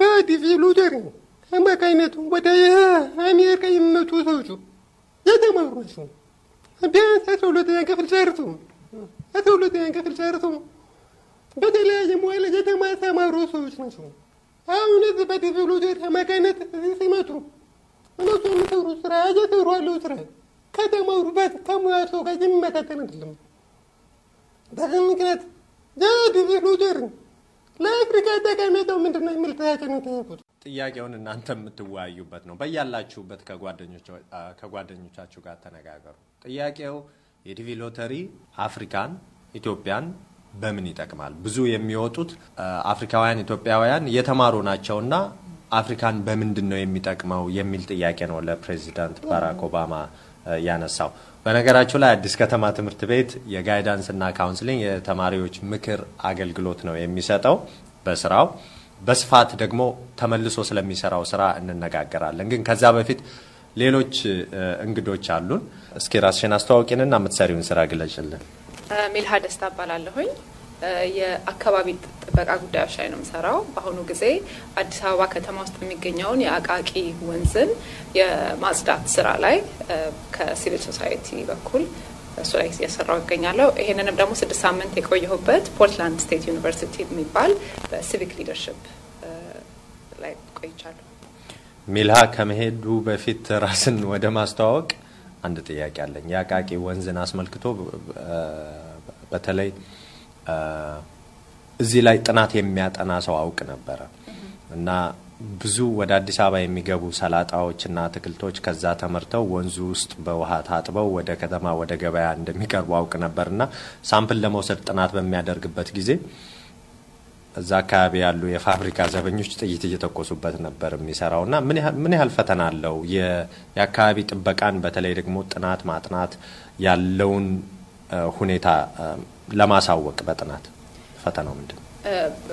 በዲቪ ሉተር አማካኝነት ወደ አሜሪካ የሚመጡ ሰዎች የተማሩ ናቸው። ቢያንስ አስራ ሁለተኛ ክፍል ጨርሰው አስራ ሁለተኛ ክፍል ጨርሰው በተለያየ ሙያ የተሰማሩ ሰዎች ናቸው። አሁን እዚህ በቴክኖሎጂ አማካይነት እዚህ ሲመጡ እነሱ የሚሰሩ ስራ እየሰሩ ያለው ስራ ከተማሩበት ከሙያቸው ጋር የሚመጣጠን አይደለም። በዚህ ምክንያት የቴክኖሎጂ ለአፍሪካ ጠቀሜታው ምንድነው የሚል ጥያቄ ነው የጠየቁት። ጥያቄውን እናንተ የምትወያዩበት ነው። በያላችሁበት ከጓደኞቻችሁ ጋር ተነጋገሩ። ጥያቄው የዲቪ ሎተሪ አፍሪካን ኢትዮጵያን በምን ይጠቅማል? ብዙ የሚወጡት አፍሪካውያን ኢትዮጵያውያን የተማሩ ናቸውና አፍሪካን በምንድን ነው የሚጠቅመው የሚል ጥያቄ ነው ለፕሬዚዳንት ባራክ ኦባማ ያነሳው። በነገራችሁ ላይ አዲስ ከተማ ትምህርት ቤት የጋይዳንስ ና ካውንስሊንግ የተማሪዎች ምክር አገልግሎት ነው የሚሰጠው በስራው በስፋት ደግሞ ተመልሶ ስለሚሰራው ስራ እንነጋገራለን። ግን ከዛ በፊት ሌሎች እንግዶች አሉን። እስኪ ራስሽን አስተዋውቂንና የምትሰሪውን ስራ ግለጭልን። ሜልሃ ደስታ እባላለሁኝ። የአካባቢ ጥበቃ ጉዳዮች ላይ ነው የምሰራው። በአሁኑ ጊዜ አዲስ አበባ ከተማ ውስጥ የሚገኘውን የአቃቂ ወንዝን የማጽዳት ስራ ላይ ከሲቪል ሶሳይቲ በኩል እሱ ላይ እየሰራው ይገኛለሁ። ይሄንንም ደግሞ ስድስት ሳምንት የቆየሁበት ፖርትላንድ ስቴት ዩኒቨርሲቲ የሚባል በሲቪክ ሊደርሽፕ ላይ ቆይቻለሁ። ሚልሃ ከመሄዱ በፊት ራስን ወደ ማስተዋወቅ አንድ ጥያቄ አለኝ። የአቃቂ ወንዝን አስመልክቶ በተለይ እዚህ ላይ ጥናት የሚያጠና ሰው አውቅ ነበረ እና ብዙ ወደ አዲስ አበባ የሚገቡ ሰላጣዎችና አትክልቶች ከዛ ተመርተው ወንዙ ውስጥ በውሃ ታጥበው ወደ ከተማ ወደ ገበያ እንደሚቀርቡ አውቅ ነበርና ሳምፕል ለመውሰድ ጥናት በሚያደርግበት ጊዜ እዛ አካባቢ ያሉ የፋብሪካ ዘበኞች ጥይት እየተኮሱበት ነበር የሚሰራውና ምን ያህል ፈተና አለው የአካባቢ ጥበቃን በተለይ ደግሞ ጥናት ማጥናት ያለውን ሁኔታ ለማሳወቅ በጥናት ፈተናው ምንድን ነው?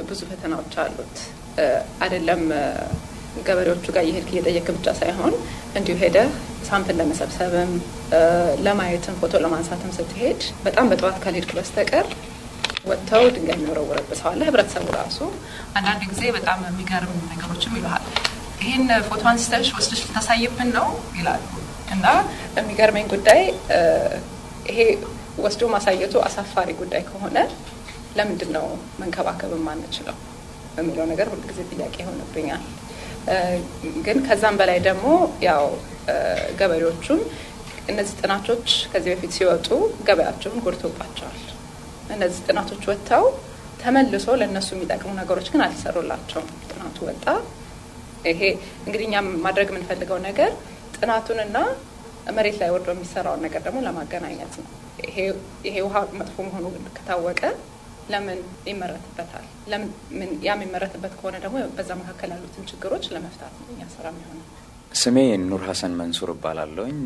ብዙ ፈተናዎች አሉት አይደለም። ገበሬዎቹ ጋር የሄድክ እየጠየቅ ብቻ ሳይሆን እንዲሁ ሄደ ሳምፕል ለመሰብሰብም ለማየትም ፎቶ ለማንሳትም ስትሄድ በጣም በጠዋት ካልሄድክ በስተቀር ወጥተው ድንጋይ የሚወረውረብ ሰው አለ። ህብረተሰቡ ራሱ አንዳንድ ጊዜ በጣም የሚገርም ነገሮችም ይልሃል። ይህን ፎቶ አንስተሽ ወስደሽ ልታሳይብን ነው ይላሉ። እና የሚገርመኝ ጉዳይ ይሄ ወስዶ ማሳየቱ አሳፋሪ ጉዳይ ከሆነ ለምንድን ነው መንከባከብ የማንችለው በሚለው ነገር ሁልጊዜ ጥያቄ ይሆንብኛል። ግን ከዛም በላይ ደግሞ ያው ገበሬዎቹም እነዚህ ጥናቶች ከዚህ በፊት ሲወጡ ገበያቸውን ጎድቶባቸዋል። እነዚህ ጥናቶች ወጥተው ተመልሶ ለእነሱ የሚጠቅሙ ነገሮች ግን አልተሰሩላቸውም። ጥናቱ ወጣ። ይሄ እንግዲህ እኛ ማድረግ የምንፈልገው ነገር ጥናቱንና መሬት ላይ ወርዶ የሚሰራውን ነገር ደግሞ ለማገናኘት ነው። ይሄ ውሃ መጥፎ መሆኑ ከታወቀ ለምን ይመረትበታል? ለምን ያ የሚመረትበት ከሆነ ደግሞ በዛ መካከል ያሉትን ችግሮች ለመፍታት ነው እኛ ስራ ስሜ ኑር ሀሰን መንሱር እባላለሁኝ።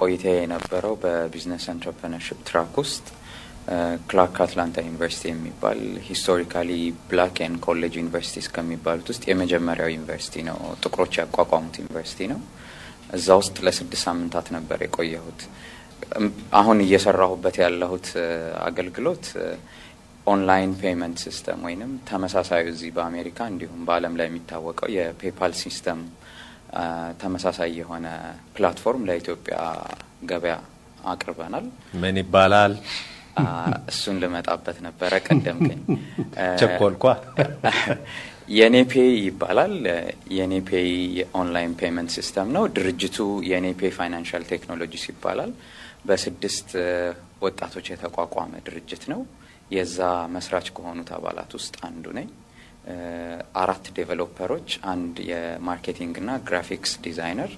ቆይታ የነበረው በቢዝነስ ኤንትረፕረነርሽፕ ትራክ ውስጥ ክላርክ አትላንታ ዩኒቨርሲቲ የሚባል ሂስቶሪካሊ ብላክ ኤንድ ኮሌጅ ዩኒቨርሲቲስ ከሚባሉት ውስጥ የመጀመሪያው ዩኒቨርሲቲ ነው። ጥቁሮች ያቋቋሙት ዩኒቨርሲቲ ነው። እዛ ውስጥ ለስድስት ሳምንታት ነበር የቆየሁት። አሁን እየሰራሁበት ያለሁት አገልግሎት ኦንላይን ፔመንት ሲስተም ወይንም ተመሳሳዩ እዚህ በአሜሪካ እንዲሁም በዓለም ላይ የሚታወቀው የፔፓል ሲስተም ተመሳሳይ የሆነ ፕላትፎርም ለኢትዮጵያ ገበያ አቅርበናል። ምን ይባላል? እሱን ልመጣበት ነበረ፣ ቀደምከኝ። ቸኮልኳ። የኔፔ ይባላል። የኔፔ ኦንላይን ፔመንት ሲስተም ነው። ድርጅቱ የኔፔ ፋይናንሻል ቴክኖሎጂስ ይባላል። በስድስት ወጣቶች የተቋቋመ ድርጅት ነው። የዛ መስራች ከሆኑት አባላት ውስጥ አንዱ ነኝ። አራት ዴቨሎፐሮች፣ አንድ የማርኬቲንግና ግራፊክስ ዲዛይነር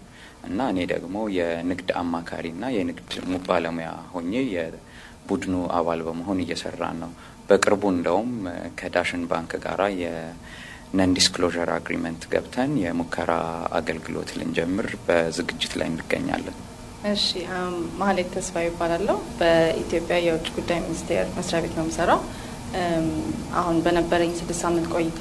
እና እኔ ደግሞ የንግድ አማካሪና የንግድ ባለሙያ ሆኜ የቡድኑ አባል በመሆን እየሰራን ነው። በቅርቡ እንደውም ከዳሽን ባንክ ጋራ የነን ዲስክሎዥር አግሪመንት ገብተን የሙከራ አገልግሎት ልንጀምር በዝግጅት ላይ እንገኛለን። እሺ ማህሌት ተስፋ ይባላለሁ። በኢትዮጵያ የውጭ ጉዳይ ሚኒስቴር መስሪያ ቤት ነው የምሰራው። አሁን በነበረኝ ስድስት ሳምንት ቆይታ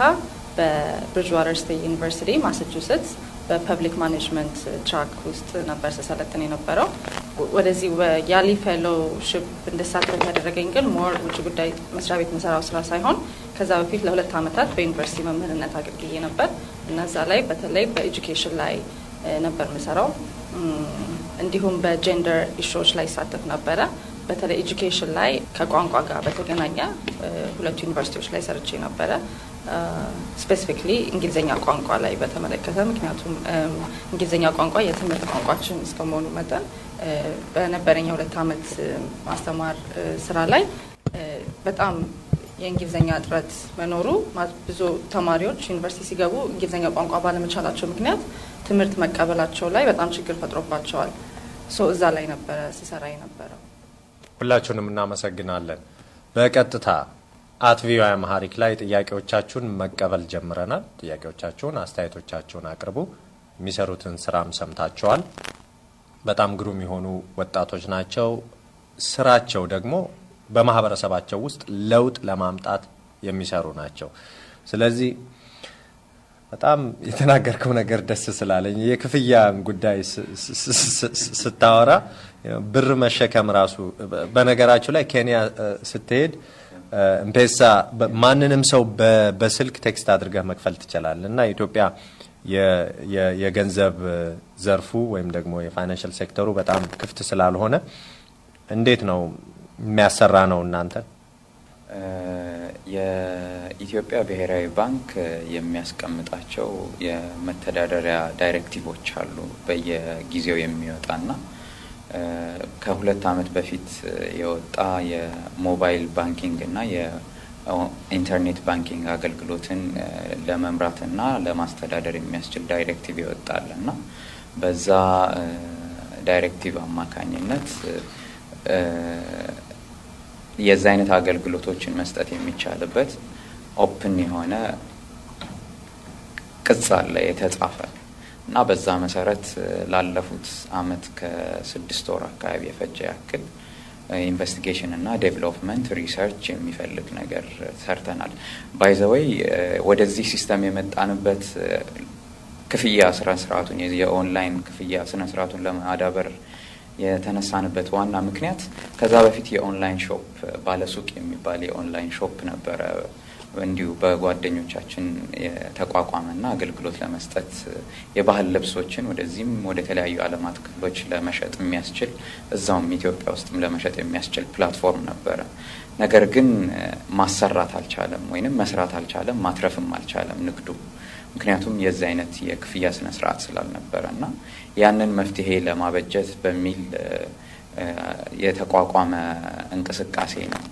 በብሪጅዋተር ስቴት ዩኒቨርሲቲ ማሳቹሴትስ በፐብሊክ ማኔጅመንት ትራክ ውስጥ ነበር ስሰለጥን የነበረው። ወደዚህ ያሊ ፌሎውሽፕ እንደሳተፍ ያደረገኝ ግን ሞር ውጭ ጉዳይ መስሪያ ቤት መሰራው ስራ ሳይሆን ከዛ በፊት ለሁለት ዓመታት በዩኒቨርሲቲ መምህርነት አገልግዬ ነበር እና ላይ በተለይ በኤጁኬሽን ላይ ነበር ምሰራው እንዲሁም በጀንደር ኢሾዎች ላይ ይሳተፍ ነበረ። በተለይ ኤጁኬሽን ላይ ከቋንቋ ጋር በተገናኘ ሁለቱ ዩኒቨርሲቲዎች ላይ ሰርቼ ነበረ። ስፔሲፊክሊ እንግሊዝኛ ቋንቋ ላይ በተመለከተ ምክንያቱም እንግሊዝኛ ቋንቋ የትምህርት ቋንቋችን እስከመሆኑ መጠን በነበረኝ የሁለት አመት ማስተማር ስራ ላይ በጣም የእንግሊዝኛ እጥረት መኖሩ ብዙ ተማሪዎች ዩኒቨርሲቲ ሲገቡ እንግሊዝኛ ቋንቋ ባለመቻላቸው ምክንያት ትምህርት መቀበላቸው ላይ በጣም ችግር ፈጥሮባቸዋል። እዛ ላይ ነበረ ሲሰራ የነበረው። ሁላችሁንም እናመሰግናለን። በቀጥታ አት ማሀሪክ አማሃሪክ ላይ ጥያቄዎቻችሁን መቀበል ጀምረናል። ጥያቄዎቻችሁን፣ አስተያየቶቻችሁን አቅርቡ። የሚሰሩትን ስራም ሰምታችኋል። በጣም ግሩም የሆኑ ወጣቶች ናቸው። ስራቸው ደግሞ በማህበረሰባቸው ውስጥ ለውጥ ለማምጣት የሚሰሩ ናቸው። ስለዚህ በጣም የተናገርከው ነገር ደስ ስላለኝ የክፍያ ጉዳይ ስታወራ ብር መሸከም ራሱ በነገራችሁ ላይ ኬንያ ስትሄድ እምፔሳ ማንንም ሰው በስልክ ቴክስት አድርገህ መክፈል ትችላል እና ኢትዮጵያ የገንዘብ ዘርፉ ወይም ደግሞ የፋይናንሽል ሴክተሩ በጣም ክፍት ስላልሆነ እንዴት ነው የሚያሰራ ነው እናንተ የኢትዮጵያ ብሔራዊ ባንክ የሚያስቀምጣቸው የመተዳደሪያ ዳይሬክቲቮች አሉ በየጊዜው የሚወጣ ና ከሁለት አመት በፊት የወጣ የሞባይል ባንኪንግ እና የኢንተርኔት ባንኪንግ አገልግሎትን ለመምራት ና ለማስተዳደር የሚያስችል ዳይሬክቲቭ ይወጣል ና በዛ ዳይሬክቲቭ አማካኝነት የዚ አይነት አገልግሎቶችን መስጠት የሚቻልበት ኦፕን የሆነ ቅጽ አለ የተጻፈ እና በዛ መሰረት ላለፉት አመት ከስድስት ወር አካባቢ የፈጀ ያክል ኢንቨስቲጌሽን እና ዴቨሎፕመንት ሪሰርች የሚፈልግ ነገር ሰርተናል። ባይዘወይ ወደዚህ ሲስተም የመጣንበት ክፍያ ስነ የኦንላይን ክፍያ ስነ ስርዓቱን ለማዳበር የተነሳንበት ዋና ምክንያት ከዛ በፊት የኦንላይን ሾፕ ባለሱቅ የሚባል የኦንላይን ሾፕ ነበረ። እንዲሁ በጓደኞቻችን የተቋቋመና አገልግሎት ለመስጠት የባህል ልብሶችን ወደዚህም ወደ ተለያዩ አለማት ክፍሎች ለመሸጥ የሚያስችል እዛውም ኢትዮጵያ ውስጥም ለመሸጥ የሚያስችል ፕላትፎርም ነበረ። ነገር ግን ማሰራት አልቻለም፣ ወይንም መስራት አልቻለም፣ ማትረፍም አልቻለም ንግዱ ምክንያቱም የዚህ አይነት የክፍያ ስነ ስርዓት ስላልነበረ እና ያንን መፍትሄ ለማበጀት በሚል የተቋቋመ እንቅስቃሴ ነው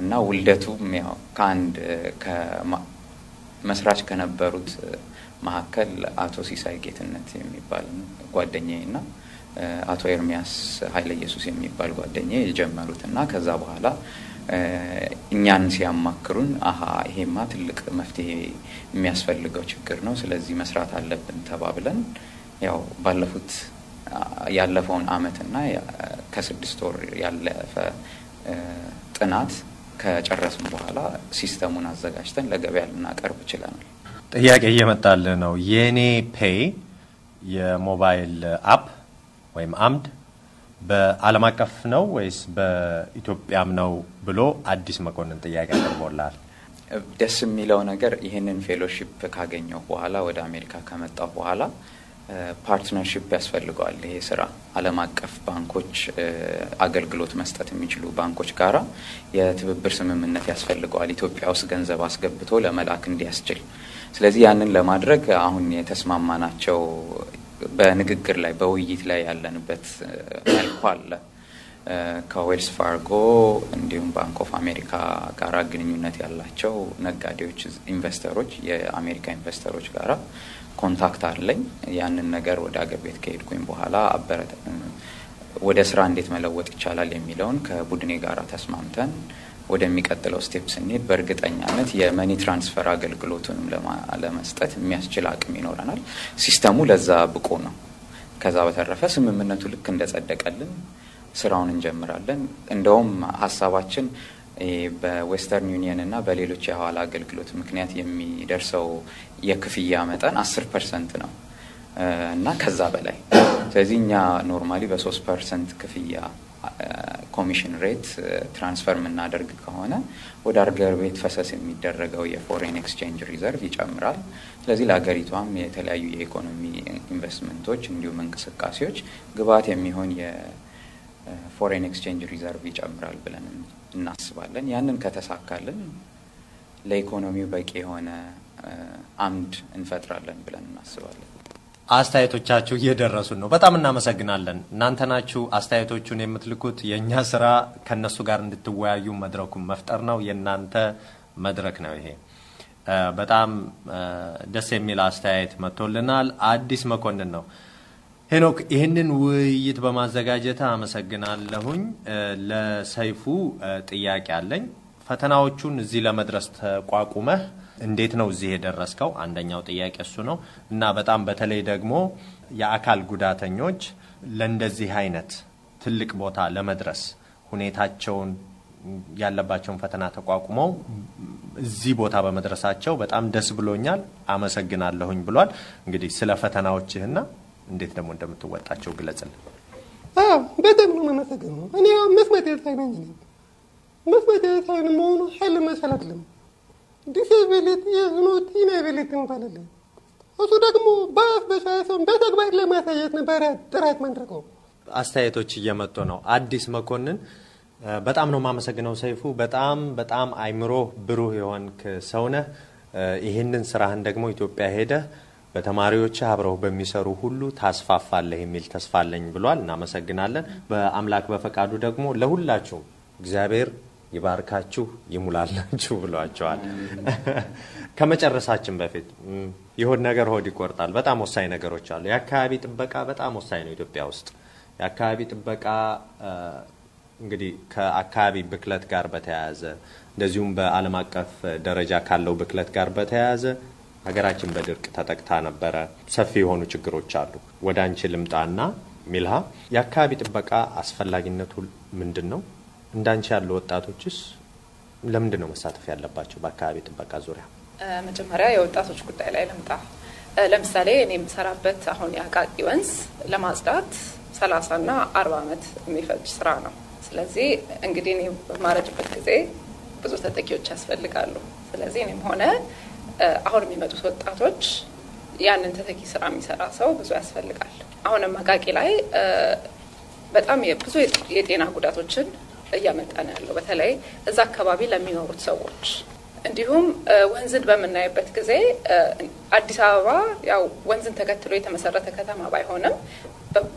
እና ውልደቱም ያው ከአንድ መስራች ከነበሩት መካከል አቶ ሲሳይ ጌትነት የሚባል ጓደኛ እና አቶ ኤርሚያስ ሀይለ ኢየሱስ የሚባል ጓደኛ የጀመሩት እና ከዛ በኋላ እኛን ሲያማክሩን አሀ ይሄማ ትልቅ መፍትሄ የሚያስፈልገው ችግር ነው፣ ስለዚህ መስራት አለብን ተባብለን ያው ባለፉት ያለፈውን አመት ና ከስድስት ወር ያለፈ ጥናት ከጨረስም በኋላ ሲስተሙን አዘጋጅተን ለገበያ ልናቀርብ ችለናል። ጥያቄ እየመጣልን ነው። የኔ ፔይ የሞባይል አፕ ወይም አምድ በዓለም አቀፍ ነው ወይስ በኢትዮጵያም ነው ብሎ አዲስ መኮንን ጥያቄ አቅርቦላል። ደስ የሚለው ነገር ይህንን ፌሎሺፕ ካገኘው በኋላ ወደ አሜሪካ ከመጣው በኋላ ፓርትነርሽፕ ያስፈልገዋል። ይሄ ስራ አለም አቀፍ ባንኮች አገልግሎት መስጠት የሚችሉ ባንኮች ጋራ የትብብር ስምምነት ያስፈልገዋል ኢትዮጵያ ውስጥ ገንዘብ አስገብቶ ለመላክ እንዲያስችል። ስለዚህ ያንን ለማድረግ አሁን የተስማማናቸው በንግግር ላይ በውይይት ላይ ያለንበት መልኩ አለ። ከዌልስ ፋርጎ እንዲሁም ባንክ ኦፍ አሜሪካ ጋራ ግንኙነት ያላቸው ነጋዴዎች፣ ኢንቨስተሮች የአሜሪካ ኢንቨስተሮች ጋራ ኮንታክት አለኝ። ያንን ነገር ወደ አገር ቤት ከሄድኩኝ በኋላ ወደ ስራ እንዴት መለወጥ ይቻላል የሚለውን ከቡድኔ ጋራ ተስማምተን ወደሚቀጥለው ስቴፕ ስንሄድ በእርግጠኛነት የመኒ ትራንስፈር አገልግሎቱንም ለመስጠት የሚያስችል አቅም ይኖረናል። ሲስተሙ ለዛ ብቁ ነው። ከዛ በተረፈ ስምምነቱ ልክ እንደጸደቀልን ስራውን እንጀምራለን። እንደውም ሀሳባችን በዌስተርን ዩኒየን እና በሌሎች የሀዋላ አገልግሎት ምክንያት የሚደርሰው የክፍያ መጠን አስር ፐርሰንት ነው እና ከዛ በላይ ስለዚህ እኛ ኖርማሊ በሶስት ፐርሰንት ክፍያ ኮሚሽን ሬት ትራንስፈር የምናደርግ ከሆነ ወደ አገር ቤት ፈሰስ የሚደረገው የፎሬን ኤክስቼንጅ ሪዘርቭ ይጨምራል። ስለዚህ ለሀገሪቷም የተለያዩ የኢኮኖሚ ኢንቨስትመንቶች እንዲሁም እንቅስቃሴዎች ግብዓት የሚሆን የፎሬን ኤክስቼንጅ ሪዘርቭ ይጨምራል ብለን እናስባለን። ያንን ከተሳካልን ለኢኮኖሚው በቂ የሆነ አምድ እንፈጥራለን ብለን እናስባለን። አስተያየቶቻችሁ እየደረሱን ነው። በጣም እናመሰግናለን። እናንተ ናችሁ አስተያየቶቹን የምትልኩት። የእኛ ስራ ከእነሱ ጋር እንድትወያዩ መድረኩን መፍጠር ነው። የእናንተ መድረክ ነው ይሄ። በጣም ደስ የሚል አስተያየት መጥቶልናል። አዲስ መኮንን ነው ሄኖክ፣ ይህንን ውይይት በማዘጋጀት አመሰግናለሁኝ። ለሰይፉ ጥያቄ አለኝ። ፈተናዎቹን እዚህ ለመድረስ ተቋቁመህ እንዴት ነው እዚህ የደረስከው? አንደኛው ጥያቄ እሱ ነው እና በጣም በተለይ ደግሞ የአካል ጉዳተኞች ለእንደዚህ አይነት ትልቅ ቦታ ለመድረስ ሁኔታቸውን ያለባቸውን ፈተና ተቋቁመው እዚህ ቦታ በመድረሳቸው በጣም ደስ ብሎኛል፣ አመሰግናለሁኝ ብሏል። እንግዲህ ስለ ፈተናዎችህና እንዴት ደግሞ እንደምትወጣቸው ግለጽልን። በጣም ነው የማመሰግነው። እኔ መስማት የተሳነኝ መስማት የተሳነኝ መሆኑ ሀይል መሰላት ዲሴቢሊቲ የዝኖቲ ናቢሊቲ እንባላለን። እሱ ደግሞ በአፍ በሻይ በተግባር ለማሳየት ነበረ ጥረት ማድረገው። አስተያየቶች እየመጡ ነው። አዲስ መኮንን በጣም ነው የማመሰግነው። ሰይፉ በጣም በጣም አይምሮ ብሩህ የሆንክ ሰውነህ። ይህንን ስራህን ደግሞ ኢትዮጵያ ሄደህ በተማሪዎች አብረው በሚሰሩ ሁሉ ታስፋፋለህ የሚል ተስፋ አለኝ ብሏል። እናመሰግናለን። በአምላክ በፈቃዱ ደግሞ ለሁላችሁም እግዚአብሔር ይባርካችሁ ይሙላላችሁ ብሏቸዋል። ከመጨረሳችን በፊት ይሁን ነገር ሆድ ይቆርጣል። በጣም ወሳኝ ነገሮች አሉ። የአካባቢ ጥበቃ በጣም ወሳኝ ነው ኢትዮጵያ ውስጥ የአካባቢ ጥበቃ እንግዲህ ከአካባቢ ብክለት ጋር በተያያዘ እንደዚሁም በዓለም አቀፍ ደረጃ ካለው ብክለት ጋር በተያያዘ ሀገራችን በድርቅ ተጠቅታ ነበረ። ሰፊ የሆኑ ችግሮች አሉ። ወደ አንቺ ልምጣና ሚልሃ የአካባቢ ጥበቃ አስፈላጊነቱ ምንድን ነው? እንዳንቺ ያሉ ወጣቶችስ ለምንድን ነው መሳተፍ ያለባቸው በአካባቢ ጥበቃ ዙሪያ? መጀመሪያ የወጣቶች ጉዳይ ላይ ልምጣ። ለምሳሌ እኔ የምሰራበት አሁን የአቃቂ ወንዝ ለማጽዳት ሰላሳና አርባ ዓመት የሚፈጅ ስራ ነው። ስለዚህ እንግዲህ እኔ በማረጅበት ጊዜ ብዙ ተጠቂዎች ያስፈልጋሉ። ስለዚህ እኔም ሆነ አሁን የሚመጡት ወጣቶች ያንን ተተኪ ስራ የሚሰራ ሰው ብዙ ያስፈልጋል። አሁንም አቃቂ ላይ በጣም ብዙ የጤና ጉዳቶችን ነው ያለው በተለይ እዛ አካባቢ ለሚኖሩት ሰዎች እንዲሁም ወንዝን በምናይበት ጊዜ አዲስ አበባ ያው ወንዝን ተከትሎ የተመሰረተ ከተማ ባይሆንም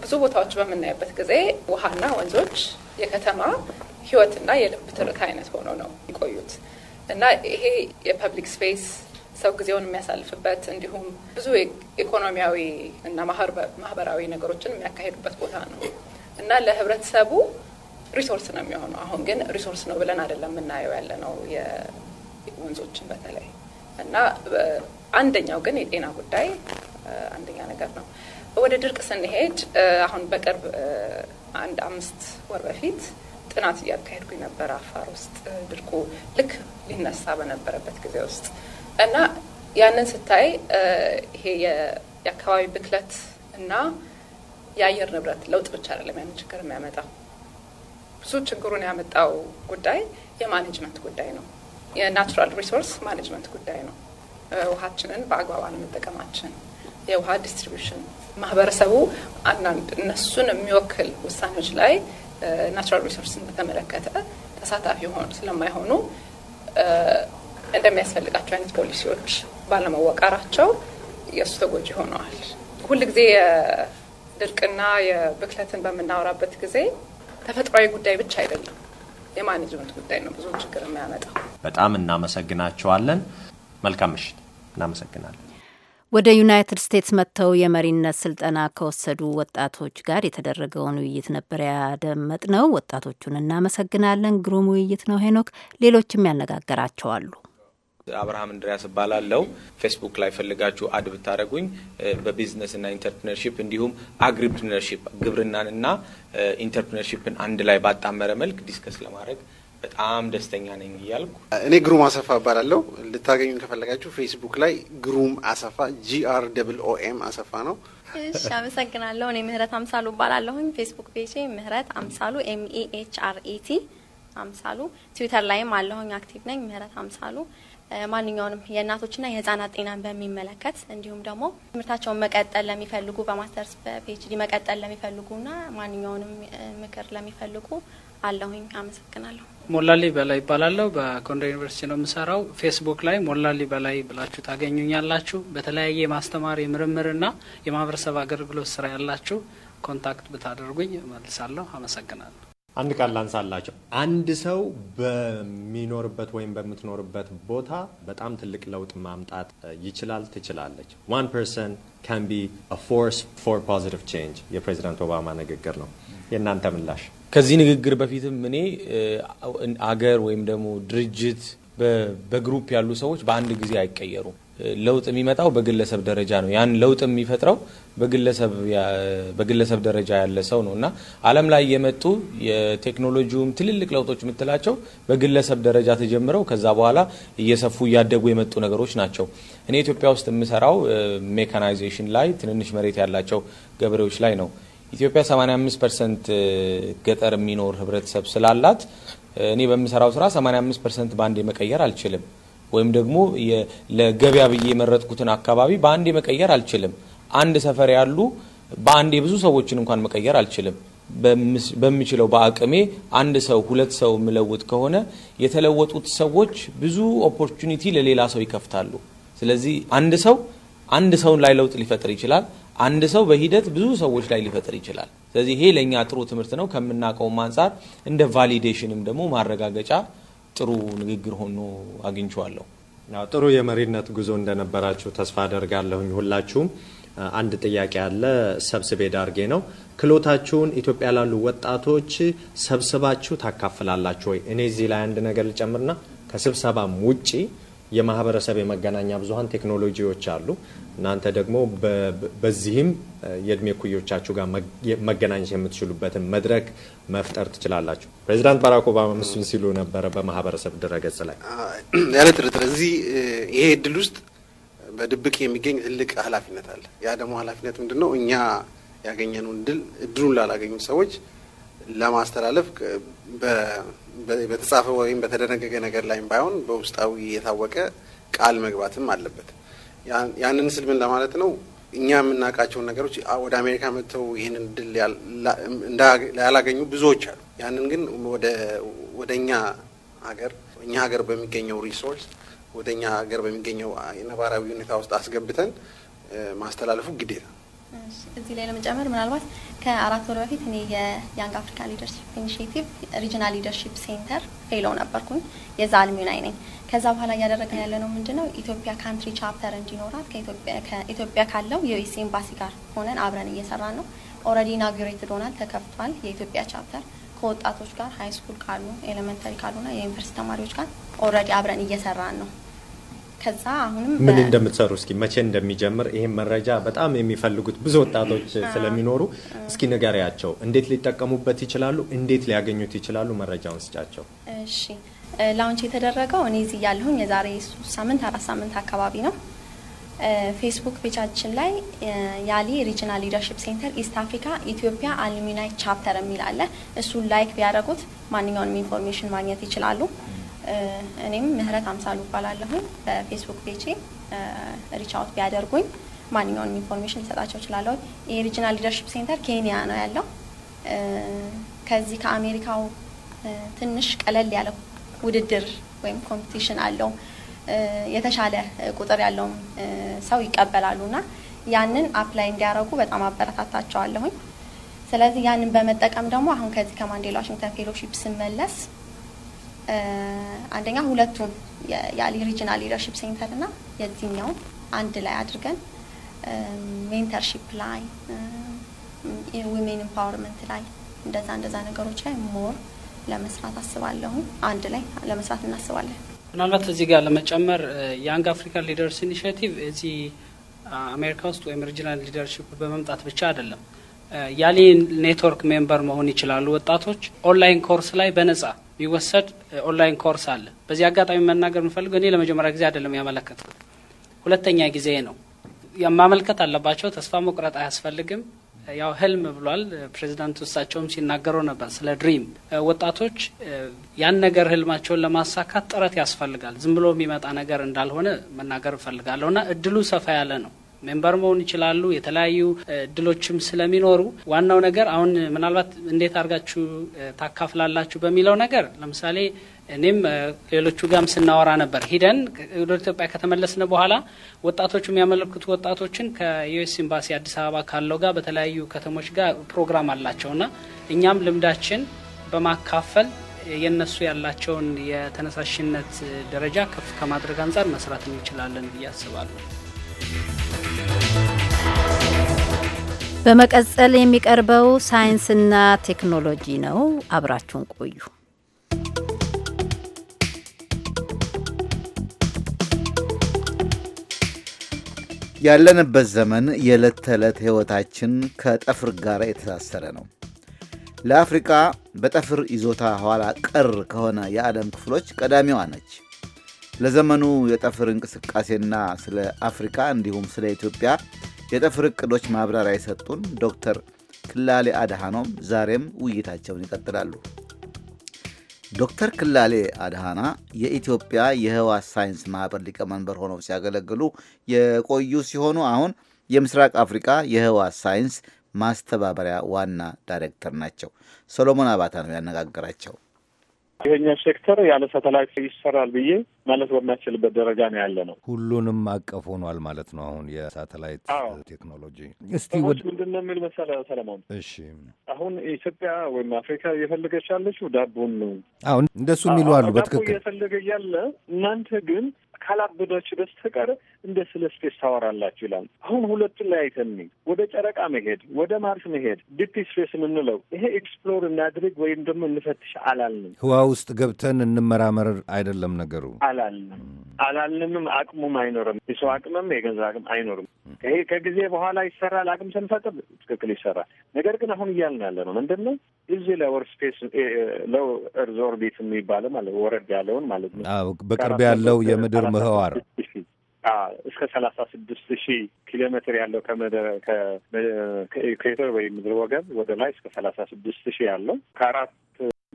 ብዙ ቦታዎች በምናይበት ጊዜ ውሃና ወንዞች የከተማ ህይወትና የልብ ትርት አይነት ሆኖ ነው የቆዩት እና ይሄ የፐብሊክ ስፔስ ሰው ጊዜውን የሚያሳልፍበት እንዲሁም ብዙ ኢኮኖሚያዊ እና ማህበራዊ ነገሮችን የሚያካሄዱበት ቦታ ነው እና ለህብረተሰቡ ሪሶርስ ነው የሚሆነው። አሁን ግን ሪሶርስ ነው ብለን አይደለም የምናየው ያለ ነው ወንዞችን በተለይ እና አንደኛው ግን የጤና ጉዳይ አንደኛ ነገር ነው። ወደ ድርቅ ስንሄድ አሁን በቅርብ አንድ አምስት ወር በፊት ጥናት እያካሄድኩ የነበረ አፋር ውስጥ ድርቁ ልክ ሊነሳ በነበረበት ጊዜ ውስጥ እና ያንን ስታይ ይሄ የአካባቢ ብክለት እና የአየር ንብረት ለውጥ ብቻ አይደለም ያን ችግር የሚያመጣው ብዙ ችግሩን ያመጣው ጉዳይ የማኔጅመንት ጉዳይ ነው። የናቹራል ሪሶርስ ማኔጅመንት ጉዳይ ነው። ውሃችንን በአግባብ አለመጠቀማችን፣ የውሃ ዲስትሪቢሽን፣ ማህበረሰቡ አንዳንድ እነሱን የሚወክል ውሳኔዎች ላይ ናቹራል ሪሶርስን በተመለከተ ተሳታፊ ስለማይሆኑ እንደሚያስፈልጋቸው አይነት ፖሊሲዎች ባለመወቃራቸው የእሱ ተጎጂ ሆነዋል። ሁልጊዜ የድርቅና የብክለትን በምናወራበት ጊዜ ተፈጥሯዊ ጉዳይ ብቻ አይደለም፣ የማኔጅመንት ጉዳይ ነው ብዙ ችግር የሚያመጣው። በጣም እናመሰግናቸዋለን። መልካም ምሽት። እናመሰግናለን። ወደ ዩናይትድ ስቴትስ መጥተው የመሪነት ስልጠና ከወሰዱ ወጣቶች ጋር የተደረገውን ውይይት ነበር ያደመጥነው። ወጣቶቹን እናመሰግናለን። ግሩም ውይይት ነው ሄኖክ። ሌሎችም ያነጋገራቸዋሉ። አብርሃም እንድሪያስ እባላለሁ። ፌስቡክ ላይ ፈልጋችሁ አድ ብታደረጉኝ በቢዝነስና ኢንተርፕርነርሽፕ እንዲሁም አግሪፕሪነርሺፕ ግብርናንና ኢንተርፕርነርሽፕን አንድ ላይ ባጣመረ መልክ ዲስከስ ለማድረግ በጣም ደስተኛ ነኝ እያልኩ እኔ ግሩም አሰፋ እባላለሁ። ልታገኙን ከፈለጋችሁ ፌስቡክ ላይ ግሩም አሰፋ ጂአር ደብል ኦኤም አሰፋ ነው። እሺ፣ አመሰግናለሁ። እኔ ምህረት አምሳሉ እባላለሁኝ። ፌስቡክ ፔጄ ምህረት አምሳሉ ኤምኤኤች አርኢቲ e e አምሳሉ። ትዊተር ላይም አለሁኝ አክቲቭ ነኝ ምህረት አምሳሉ። ማንኛውንም የእናቶችና የህጻናት ጤናን በሚመለከት እንዲሁም ደግሞ ትምህርታቸውን መቀጠል ለሚፈልጉ በማስተርስ በፒኤችዲ መቀጠል ለሚፈልጉና ማንኛውንም ምክር ለሚፈልጉ አለሁኝ። አመሰግናለሁ። ሞላሊ በላይ ይባላለሁ። በኮንዶ ዩኒቨርሲቲ ነው የምሰራው። ፌስቡክ ላይ ሞላሊ በላይ ብላችሁ ታገኙኛላችሁ። በተለያየ የማስተማር የምርምርና የማህበረሰብ አገልግሎት ስራ ያላችሁ ኮንታክት ብታደርጉኝ መልሳለሁ። አመሰግናለሁ። አንድ ቃል ላንሳላቸው። አንድ ሰው በሚኖርበት ወይም በምትኖርበት ቦታ በጣም ትልቅ ለውጥ ማምጣት ይችላል፣ ትችላለች። ዋን ፐርሰን ካን ቢ አ ፎርስ ፎር ፖዚቲቭ ቼንጅ የፕሬዚዳንት ኦባማ ንግግር ነው። የእናንተ ምላሽ? ከዚህ ንግግር በፊትም እኔ አገር ወይም ደግሞ ድርጅት በግሩፕ ያሉ ሰዎች በአንድ ጊዜ አይቀየሩም። ለውጥ የሚመጣው በግለሰብ ደረጃ ነው። ያን ለውጥ የሚፈጥረው በግለሰብ ደረጃ ያለ ሰው ነው እና ዓለም ላይ የመጡ የቴክኖሎጂውም ትልልቅ ለውጦች የምትላቸው በግለሰብ ደረጃ ተጀምረው ከዛ በኋላ እየሰፉ እያደጉ የመጡ ነገሮች ናቸው። እኔ ኢትዮጵያ ውስጥ የምሰራው ሜካናይዜሽን ላይ ትንንሽ መሬት ያላቸው ገበሬዎች ላይ ነው። ኢትዮጵያ 85 ፐርሰንት ገጠር የሚኖር ህብረተሰብ ስላላት እኔ በምሰራው ስራ 85 ፐርሰንት በአንድ መቀየር አልችልም። ወይም ደግሞ ለገበያ ብዬ የመረጥኩትን አካባቢ በአንዴ መቀየር አልችልም። አንድ ሰፈር ያሉ በአንዴ ብዙ ሰዎችን እንኳን መቀየር አልችልም። በምችለው በአቅሜ አንድ ሰው ሁለት ሰው የምለውጥ ከሆነ የተለወጡት ሰዎች ብዙ ኦፖርቹኒቲ ለሌላ ሰው ይከፍታሉ። ስለዚህ አንድ ሰው አንድ ሰውን ላይ ለውጥ ሊፈጥር ይችላል። አንድ ሰው በሂደት ብዙ ሰዎች ላይ ሊፈጥር ይችላል። ስለዚህ ይሄ ለእኛ ጥሩ ትምህርት ነው። ከምናውቀውም አንጻር እንደ ቫሊዴሽንም ደግሞ ማረጋገጫ ጥሩ ንግግር ሆኖ አግኝቼዋለሁ። ጥሩ የመሪነት ጉዞ እንደነበራችሁ ተስፋ አደርጋለሁኝ። ሁላችሁም አንድ ጥያቄ ያለ ሰብስቤ ዳርጌ ነው። ክሎታችሁን ኢትዮጵያ ላሉ ወጣቶች ሰብስባችሁ ታካፍላላችሁ ወይ? እኔ እዚህ ላይ አንድ ነገር ልጨምርና ከስብሰባም ውጪ የማህበረሰብ የመገናኛ ብዙሀን ቴክኖሎጂዎች አሉ። እናንተ ደግሞ በዚህም የእድሜ ኩዮቻችሁ ጋር መገናኘት የምትችሉበትን መድረክ መፍጠር ትችላላችሁ። ፕሬዚዳንት ባራክ ኦባማ ምስን ሲሉ ነበረ በማህበረሰብ ድረገጽ ላይ ያለ ትርትር እዚህ ይሄ እድል ውስጥ በድብቅ የሚገኝ ትልቅ ኃላፊነት አለ። ያ ደግሞ ኃላፊነት ምንድን ነው? እኛ ያገኘነውን እድል እድሉን ላላገኙ ሰዎች ለማስተላለፍ በተጻፈ ወይም በተደነገገ ነገር ላይም ባይሆን በውስጣዊ የታወቀ ቃል መግባትም አለበት። ያንን ስል ምን ለማለት ነው? እኛ የምናውቃቸውን ነገሮች ወደ አሜሪካ መጥተው ይህንን እድል ያላገኙ ብዙዎች አሉ። ያንን ግን ወደ እኛ ሀገር እኛ ሀገር በሚገኘው ሪሶርስ ወደ እኛ ሀገር በሚገኘው ነባራዊ ሁኔታ ውስጥ አስገብተን ማስተላለፉ ግዴታ እዚህ ላይ ለመጨመር ምናልባት ከአራት ወር በፊት እኔ የያንግ አፍሪካ ሊደርሽፕ ኢኒሽቲቭ ሪጂናል ሊደርሽፕ ሴንተር ፌሎ ነበርኩኝ። የዛ አልሚው ነኝ። ከዛ በኋላ እያደረገ ያለ ነው ምንድን ነው ኢትዮጵያ ካንትሪ ቻፕተር እንዲኖራት ከኢትዮጵያ ካለው የዩኤስ ኤምባሲ ጋር ሆነን አብረን እየሰራን ነው። ኦልሬዲ ኢናጉሬትድ ሆናል፣ ተከፍቷል። የኢትዮጵያ ቻፕተር ከወጣቶች ጋር ሀይ ስኩል ካሉ ኤሌመንተሪ ካሉና የዩኒቨርሲቲ ተማሪዎች ጋር ኦልሬዲ አብረን እየሰራን ነው። ከዛ አሁንም ምን እንደምትሰሩ እስኪ መቼ እንደሚጀምር ይህን መረጃ በጣም የሚፈልጉት ብዙ ወጣቶች ስለሚኖሩ እስኪ ንገሪያቸው። እንዴት ሊጠቀሙበት ይችላሉ? እንዴት ሊያገኙት ይችላሉ? መረጃውን ስጫቸው። እሺ፣ ላውንች የተደረገው እኔ እዚህ ያለሁኝ የዛሬ ሳምንት አራት ሳምንት አካባቢ ነው። ፌስቡክ ፔጃችን ላይ ያሊ ሪጅናል ሊደርሽፕ ሴንተር ኢስት አፍሪካ ኢትዮጵያ አልሚናይ ቻፕተር የሚል አለ። እሱን ላይክ ቢያደረጉት ማንኛውንም ኢንፎርሜሽን ማግኘት ይችላሉ። እኔም ምህረት አምሳሉ እባላለሁኝ። በፌስቡክ ፔጅ ሪች አውት ቢያደርጉኝ ማንኛውንም ኢንፎርሜሽን ሊሰጣቸው እችላለሁ። ይሄ ሪጂናል ሊደርሽፕ ሴንተር ኬንያ ነው ያለው። ከዚህ ከአሜሪካው ትንሽ ቀለል ያለ ውድድር ወይም ኮምፒቲሽን አለው። የተሻለ ቁጥር ያለውም ሰው ይቀበላሉ እና ያንን አፕላይ እንዲያደርጉ በጣም አበረታታቸዋለሁኝ። ስለዚህ ያንን በመጠቀም ደግሞ አሁን ከዚህ ከማንዴላ ዋሽንግተን ፌሎሺፕ ስመለስ አንደኛ ሁለቱም የአሊ ሪጅናል ሊደርሽፕ ሴንተር እና የዚህኛው አንድ ላይ አድርገን ሜንተርሺፕ ላይ ዊሜን ኢምፓወርመንት ላይ እንደዛ እንደዛ ነገሮች ላይ ሞር ለመስራት አስባለሁ። አንድ ላይ ለመስራት እናስባለን። ምናልባት እዚህ ጋር ለመጨመር ያንግ አፍሪካን ሊደርስ ኢኒሽቲቭ እዚህ አሜሪካ ውስጥ ወይም ሪጅናል ሊደርሽፕ በመምጣት ብቻ አይደለም ያሊ ኔትወርክ ሜምበር መሆን ይችላሉ። ወጣቶች ኦንላይን ኮርስ ላይ በነጻ የሚወሰድ ኦንላይን ኮርስ አለ። በዚህ አጋጣሚ መናገር የምፈልገው እኔ ለመጀመሪያ ጊዜ አይደለም ያመለከት፣ ሁለተኛ ጊዜ ነው። ማመልከት አለባቸው። ተስፋ መቁረጥ አያስፈልግም። ያው ህልም ብሏል ፕሬዚዳንት፣ እሳቸውም ሲናገሩ ነበር ስለ ድሪም። ወጣቶች ያን ነገር ህልማቸውን ለማሳካት ጥረት ያስፈልጋል። ዝም ብሎ የሚመጣ ነገር እንዳልሆነ መናገር እፈልጋለሁ እና እድሉ ሰፋ ያለ ነው። ሜምበር መሆን ይችላሉ። የተለያዩ እድሎችም ስለሚኖሩ ዋናው ነገር አሁን ምናልባት እንዴት አድርጋችሁ ታካፍላላችሁ በሚለው ነገር ለምሳሌ እኔም ሌሎቹ ጋም ስናወራ ነበር። ሂደን ወደ ኢትዮጵያ ከተመለስን በኋላ ወጣቶቹ የሚያመለክቱ ወጣቶችን ከዩኤስ ኤምባሲ አዲስ አበባ ካለው ጋር በተለያዩ ከተሞች ጋር ፕሮግራም አላቸውና እኛም ልምዳችን በማካፈል የነሱ ያላቸውን የተነሳሽነት ደረጃ ከፍ ከማድረግ አንጻር መስራት እንችላለን ብዬ አስባለሁ። በመቀጸል የሚቀርበው ሳይንስና ቴክኖሎጂ ነው። አብራችሁን ቆዩ። ያለንበት ዘመን የዕለት ተዕለት ሕይወታችን ከጠፍር ጋር የተሳሰረ ነው። ለአፍሪቃ በጠፍር ይዞታ ኋላ ቀር ከሆነ የዓለም ክፍሎች ቀዳሚዋ ነች። ለዘመኑ የጠፍር እንቅስቃሴና ስለ አፍሪካ እንዲሁም ስለ ኢትዮጵያ የጠፍር እቅዶች ማብራሪያ የሰጡን ዶክተር ክላሌ አድሃኖም ዛሬም ውይይታቸውን ይቀጥላሉ። ዶክተር ክላሌ አድሃና የኢትዮጵያ የህዋ ሳይንስ ማህበር ሊቀመንበር ሆነው ሲያገለግሉ የቆዩ ሲሆኑ አሁን የምስራቅ አፍሪካ የህዋ ሳይንስ ማስተባበሪያ ዋና ዳይሬክተር ናቸው። ሰሎሞን አባታ ነው ያነጋገራቸው። ይሄኛው ሴክተር ያለ ሳተላይት ይሰራል ብዬ ማለት በማይችልበት ደረጃ ነው ያለ ነው። ሁሉንም አቀፍ ሆኗል ማለት ነው። አሁን የሳተላይት ቴክኖሎጂ እስቲ ምንድን ነው የሚል መሰለ ሰለሞን? እሺ አሁን ኢትዮጵያ ወይም አፍሪካ እየፈለገች ያለችው ዳቦን ነው። አሁን እንደሱ የሚሉ አሉ። በትክክል እየፈለገ ያለ እናንተ ግን ካላበዳችሁ በስተቀር እንደ ስለ ስፔስ ታወራላችሁ ይላል። አሁን ሁለቱን ላይ አይተን ወደ ጨረቃ መሄድ፣ ወደ ማርስ መሄድ ዲፕ ስፔስ የምንለው ይሄ ኤክስፕሎር እናድርግ ወይም ደግሞ እንፈትሽ አላልንም። ህዋ ውስጥ ገብተን እንመራመር አይደለም ነገሩ አላልንም አላልንምም። አቅሙም አይኖርም። የሰው አቅምም የገንዘብ አቅም አይኖርም። ይሄ ከጊዜ በኋላ ይሰራል። አቅም ስንፈጥር ትክክል ይሰራል። ነገር ግን አሁን እያልን ያለ ነው ምንድን ነው እዚህ ለወር ስፔስ ለው እርዝ ኦርቢት የሚባለው ማለት ወረድ ያለውን ማለት ነው በቅርብ ያለው የምድር ምህዋር እስከ ሰላሳ ስድስት ሺህ ኪሎ ሜትር ያለው ከኢኩዌተር ወይም ምድር ወገብ ወደ ላይ እስከ ሰላሳ ስድስት ሺህ ያለው ከአራት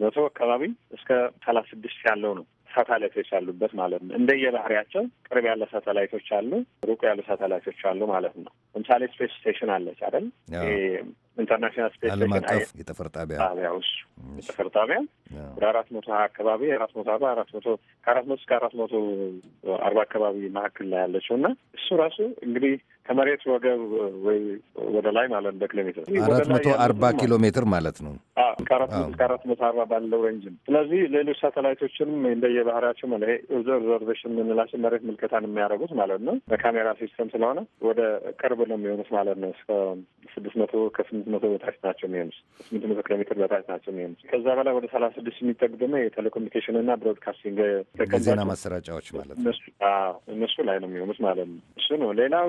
መቶ አካባቢ እስከ ሰላሳ ስድስት ያለው ነው ሳተላይቶች ያሉበት ማለት ነው። እንደየባህሪያቸው ቅርብ ያለ ሳተላይቶች አሉ፣ ሩቅ ያሉ ሳተላይቶች አሉ ማለት ነው። ለምሳሌ ስፔስ ስቴሽን አለች አይደል? ኢንተርናሽናል ስፔስ ዓለም አቀፍ የጠፈር ጣቢያ ጣቢያ ውስጥ የጠፈር ጣቢያ ወደ አራት መቶ ሀያ አካባቢ አራት መቶ አርባ አራት መቶ ከአራት መቶ እስከ አራት መቶ አርባ አካባቢ መካከል ላይ ያለችው እና እሱ ራሱ እንግዲህ ከመሬት ወገብ ወይ ወደ ላይ ማለት በኪሎ ሜትር አራት መቶ አርባ ኪሎ ሜትር ማለት ነው። ከአራት መቶ እስከ አራት መቶ አርባ ባለው ሬንጅ ነው። ስለዚህ ሌሎች ሳተላይቶችንም እንደየባህሪያቸው መለ ኦብዘርቬሽን የምንላቸው መሬት ምልከታን የሚያደርጉት ማለት ነው። በካሜራ ሲስተም ስለሆነ ወደ ቅርብ ነው የሚሆኑት ማለት ነው። እስከ ስድስት መቶ ከስምንት ስምንት መቶ በታች ናቸው የሚሆኑት ስምንት መቶ ኪሎ ሜትር በታች ናቸው የሚሆኑት። ከዛ በላይ ወደ ሰላሳ ስድስት የሚጠጉ ደግሞ የቴሌኮሙኒኬሽን እና ብሮድካስቲንግ የዜና ማሰራጫዎች ማለት ነው። እነሱ ላይ ነው የሚሆኑት ማለት ነው። እሱ ነው። ሌላው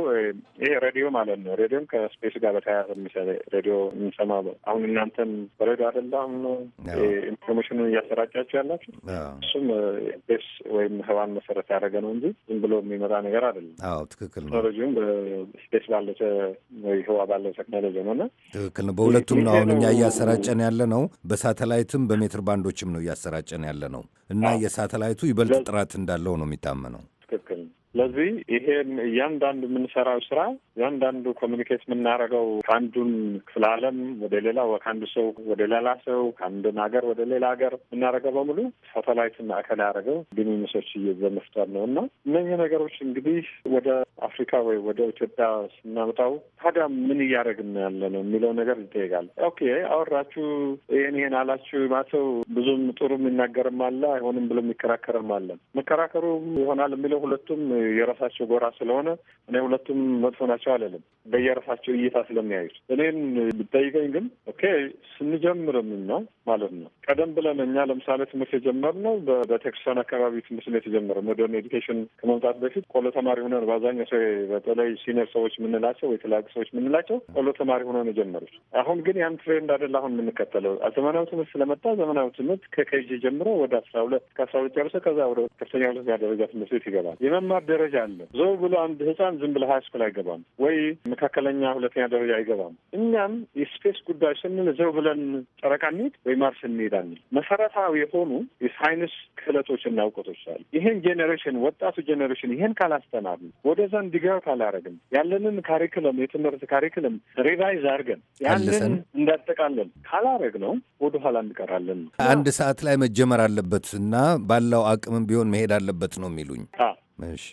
ይሄ ሬዲዮ ማለት ነው። ሬዲዮም ከስፔስ ጋር በተያያዘ ለምሳሌ ሬዲዮ የሚሰማ አሁን እናንተም በሬዲዮ አደለ አሁን ኢንፎርሜሽኑን እያሰራጫቸው ያላቸው እሱም ቤስ ወይም ህዋን መሰረት ያደረገ ነው እንጂ ዝም ብሎ የሚመጣ ነገር አደለም አዎ ትክክል ነው። ቴክኖሎጂውም በስፔስ ባለ ወይ ህዋ ባለ ቴክኖሎጂ ነው እና ትክክል ነው። በሁለቱም ነው አሁን እኛ እያሰራጨን ያለ ነው። በሳተላይትም በሜትር ባንዶችም ነው እያሰራጨን ያለ ነው እና የሳተላይቱ ይበልጥ ጥራት እንዳለው ነው የሚታመነው። ትክክል ስለዚህ ይሄን እያንዳንዱ የምንሰራው ስራ እያንዳንዱ ኮሚኒኬት የምናደርገው ከአንዱን ክፍለ ዓለም ወደ ሌላ፣ ከአንዱ ሰው ወደ ሌላ ሰው፣ ከአንድን ሀገር ወደ ሌላ ሀገር የምናደርገው በሙሉ ሳተላይት ማዕከል ያደረገው ግንኙነቶች በመፍጠር ነው እና እነዚህ ነገሮች እንግዲህ ወደ አፍሪካ ወይ ወደ ኢትዮጵያ ስናመጣው ታዲያ ምን እያደረግን ያለ ነው የሚለው ነገር ይጠይቃል። ኦኬ አወራችሁ፣ ይህን ይሄን አላችሁ ማተው ብዙም ጥሩ የሚናገርም አለ አይሆንም ብሎ የሚከራከርም አለ። መከራከሩ ይሆናል የሚለው ሁለቱም የራሳቸው ጎራ ስለሆነ እኔ ሁለቱም መጥፎ ናቸው አለልም። በየራሳቸው እይታ ስለሚያዩት እኔን ብጠይቀኝ ግን ኦኬ ስንጀምርም ነው ማለት ነው። ቀደም ብለን እኛ ለምሳሌ ትምህርት የጀመርነው በቤተክርስቲያን አካባቢ ትምህርት ነው የተጀመረ። ሞደርን ኤዲኬሽን ከመምጣት በፊት ቆሎ ተማሪ ሆነ በአብዛኛው ሰው በተለይ ሲኒየር ሰዎች የምንላቸው ወይ ትላቅ ሰዎች የምንላቸው ቆሎ ተማሪ ሆነን የጀመሩት። አሁን ግን ያን ትሬንድ አይደል አሁን የምንከተለው። ዘመናዊ ትምህርት ስለመጣ ዘመናዊ ትምህርት ከኬጂ ጀምሮ ወደ አስራ ሁለት ከአስራ ሁለት ጨርሰ ከዛ ወደ ከፍተኛ ሁለተኛ ደረጃ ትምህርት ቤት ይገባል የመማር ደረጃ አለ። ዘው ብሎ አንድ ህፃን ዝም ብለ ሀይ ስኩል አይገባም ወይ መካከለኛ ሁለተኛ ደረጃ አይገባም። እኛም የስፔስ ጉዳይ ስንል ዘው ብለን ጨረቃ እንሂድ ወይ ማርስ እንሄድ አንል። መሰረታዊ የሆኑ የሳይንስ ክህለቶች እና እውቀቶች አሉ። ይሄን ጄኔሬሽን ወጣቱ ጄኔሬሽን ይሄን ካላስተናሉ ወደዛ እንዲገባ ካላረግም ያለንን ካሪክለም የትምህርት ካሪክለም ሪቫይዝ አድርገን ያለን እንዳጠቃለን ካላረግ ነው ወደኋላ እንቀራለን። አንድ ሰዓት ላይ መጀመር አለበት እና ባለው አቅምም ቢሆን መሄድ አለበት ነው የሚሉኝ እሺ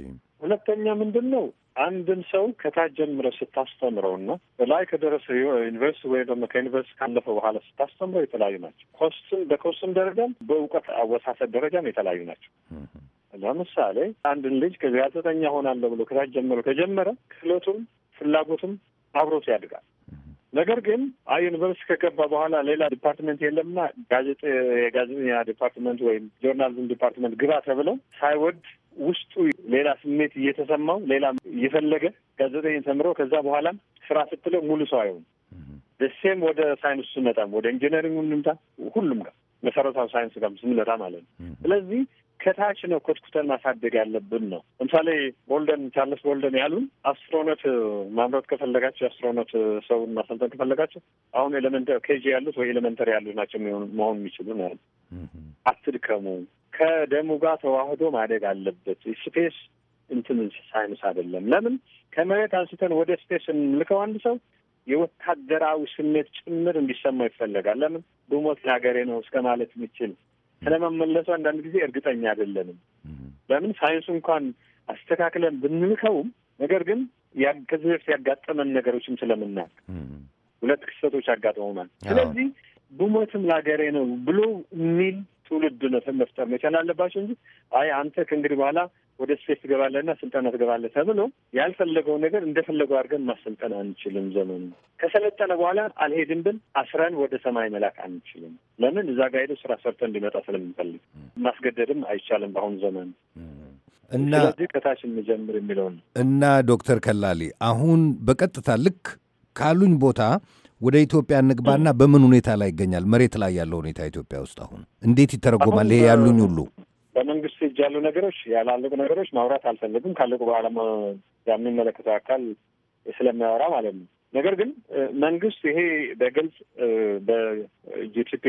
ሁለተኛ ምንድን ነው አንድን ሰው ከታች ጀምረህ ስታስተምረውና በላይ ከደረሰ ዩኒቨርሲቲ ወይ ደግሞ ከዩኒቨርሲቲ ካለፈ በኋላ ስታስተምረው የተለያዩ ናቸው። ኮስትም በኮስትም ደረጃም በእውቀት አወሳሰድ ደረጃም የተለያዩ ናቸው። ለምሳሌ አንድን ልጅ ጋዜጠኛ ሆናለሁ ብሎ ከታች ጀምሮ ከጀመረ ክህሎቱም ፍላጎቱም አብሮት ያድጋል። ነገር ግን አይ ዩኒቨርሲቲ ከገባ በኋላ ሌላ ዲፓርትመንት የለምና ጋዜጠ የጋዜጠኛ ዲፓርትመንት ወይም ጆርናሊዝም ዲፓርትመንት ግባ ተብለው ሳይወድ ውስጡ ሌላ ስሜት እየተሰማው ሌላ እየፈለገ ጋዜጠኝ ተምሮ ከዛ በኋላም ስራ ስትለው ሙሉ ሰው አይሆን ደሴም ወደ ሳይንስ ስመጣም ወደ ኢንጂነሪንግ እንምጣ ሁሉም ጋር መሰረታዊ ሳይንስ ጋር ስንመጣ ማለት ነው። ስለዚህ ከታች ነው ኮትኩተን ማሳደግ ያለብን ነው። ለምሳሌ ቦልደን ቻርለስ ቦልደን ያሉን አስትሮኖት ማምረት ከፈለጋቸው የአስትሮኖት ሰውን ማሰልጠን ከፈለጋቸው አሁን ኤሌመንተሪ ኬጂ ያሉት ወይ ኤሌመንተሪ ያሉ ናቸው መሆን የሚችሉ ነው አትድከሙ፣ ከደሙ ጋር ተዋህዶ ማደግ አለበት። ስፔስ እንትን ሳይንስ አይደለም። ለምን ከመሬት አንስተን ወደ ስፔስ እንልከው አንድ ሰው የወታደራዊ ስሜት ጭምር እንዲሰማው ይፈለጋል። ለምን ብሞት ለሀገሬ ነው እስከ ማለት የሚችል ስለመመለሱ አንዳንድ ጊዜ እርግጠኛ አይደለንም። ለምን ሳይንሱ እንኳን አስተካክለን ብንልከውም ነገር ግን ከዚህ በፊት ያጋጠመን ነገሮችም ስለምናውቅ ሁለት ክስተቶች አጋጥመውናል። ስለዚህ ብሞትም ለሀገሬ ነው ብሎ የሚል ትውልድ መፍጠር መቻል አለባቸው እንጂ አይ አንተ ከእንግዲህ በኋላ ወደ ስፌት ትገባለህና ስልጠና ትገባለህ ተብሎ ያልፈለገውን ነገር እንደፈለገው አድርገን ማሰልጠን አንችልም። ዘመኑ ከሰለጠነ በኋላ አልሄድም ብን አስረን ወደ ሰማይ መላክ አንችልም። ለምን እዛ ጋር ስራ ሰርተን እንዲመጣ ስለምንፈልግ ማስገደድም አይቻልም በአሁኑ ዘመን እና ስለዚህ ከታች እንጀምር የሚለውን እና ዶክተር ከላሊ አሁን በቀጥታ ልክ ካሉኝ ቦታ ወደ ኢትዮጵያ ንግባና በምን ሁኔታ ላይ ይገኛል? መሬት ላይ ያለው ሁኔታ ኢትዮጵያ ውስጥ አሁን እንዴት ይተረጎማል? ይሄ ያሉኝ ሁሉ በመንግስት እጅ ያሉ ነገሮች፣ ያላለቁ ነገሮች ማውራት አልፈልግም። ካለቁ በኋላ የሚመለከተው አካል ስለሚያወራ ማለት ነው። ነገር ግን መንግስት ይሄ በግልጽ በጂቲፒ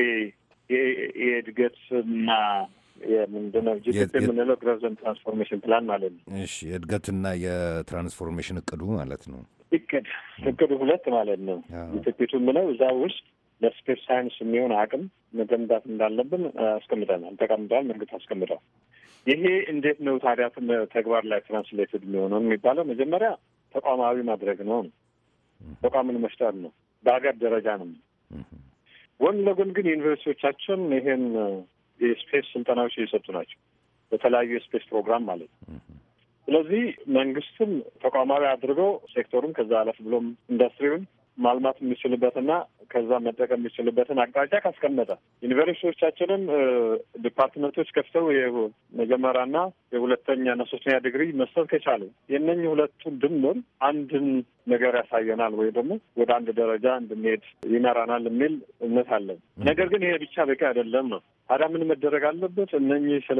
የእድገት እና የምንድነው ጂቲፒ የምንለው ግሮዝ ኤንድ ትራንስፎርሜሽን ፕላን ማለት ነው። እሺ የእድገትና የትራንስፎርሜሽን እቅዱ ማለት ነው። እቅድ እቅዱ ሁለት ማለት ነው። ትክቱ የምለው እዛ ውስጥ ለስፔስ ሳይንስ የሚሆን አቅም መገንባት እንዳለብን አስቀምጠናል፣ ተቀምጠዋል፣ መንግስት አስቀምጠው። ይሄ እንዴት ነው ታዲያ ተግባር ላይ ትራንስሌትድ የሚሆነው የሚባለው መጀመሪያ ተቋማዊ ማድረግ ነው፣ ተቋምን መፍጠር ነው፣ በሀገር ደረጃ ነው። ጎን ለጎን ግን ዩኒቨርሲቲዎቻችን ይሄን የስፔስ ስልጠናዎች እየሰጡ ናቸው፣ በተለያዩ የስፔስ ፕሮግራም ማለት ነው። ስለዚህ መንግስትም ተቋማዊ አድርጎ ሴክተሩን ከዛ አለፍ ብሎም ኢንዱስትሪውን ማልማት የሚችልበትና ከዛ መጠቀም የሚችልበትን አቅጣጫ ካስቀመጠ ዩኒቨርሲቲዎቻችንም ዲፓርትመንቶች ከፍተው የመጀመሪያና የሁለተኛና ሶስተኛ ዲግሪ መስጠት ከቻሉ የነኝ ሁለቱ ድምር አንድን ነገር ያሳየናል ወይ ደግሞ ወደ አንድ ደረጃ እንድንሄድ ይመራናል የሚል እምነት አለን። ነገር ግን ይሄ ብቻ በቂ አይደለም ነው። ታዲያ ምን መደረግ አለበት? እነኚህ ስለ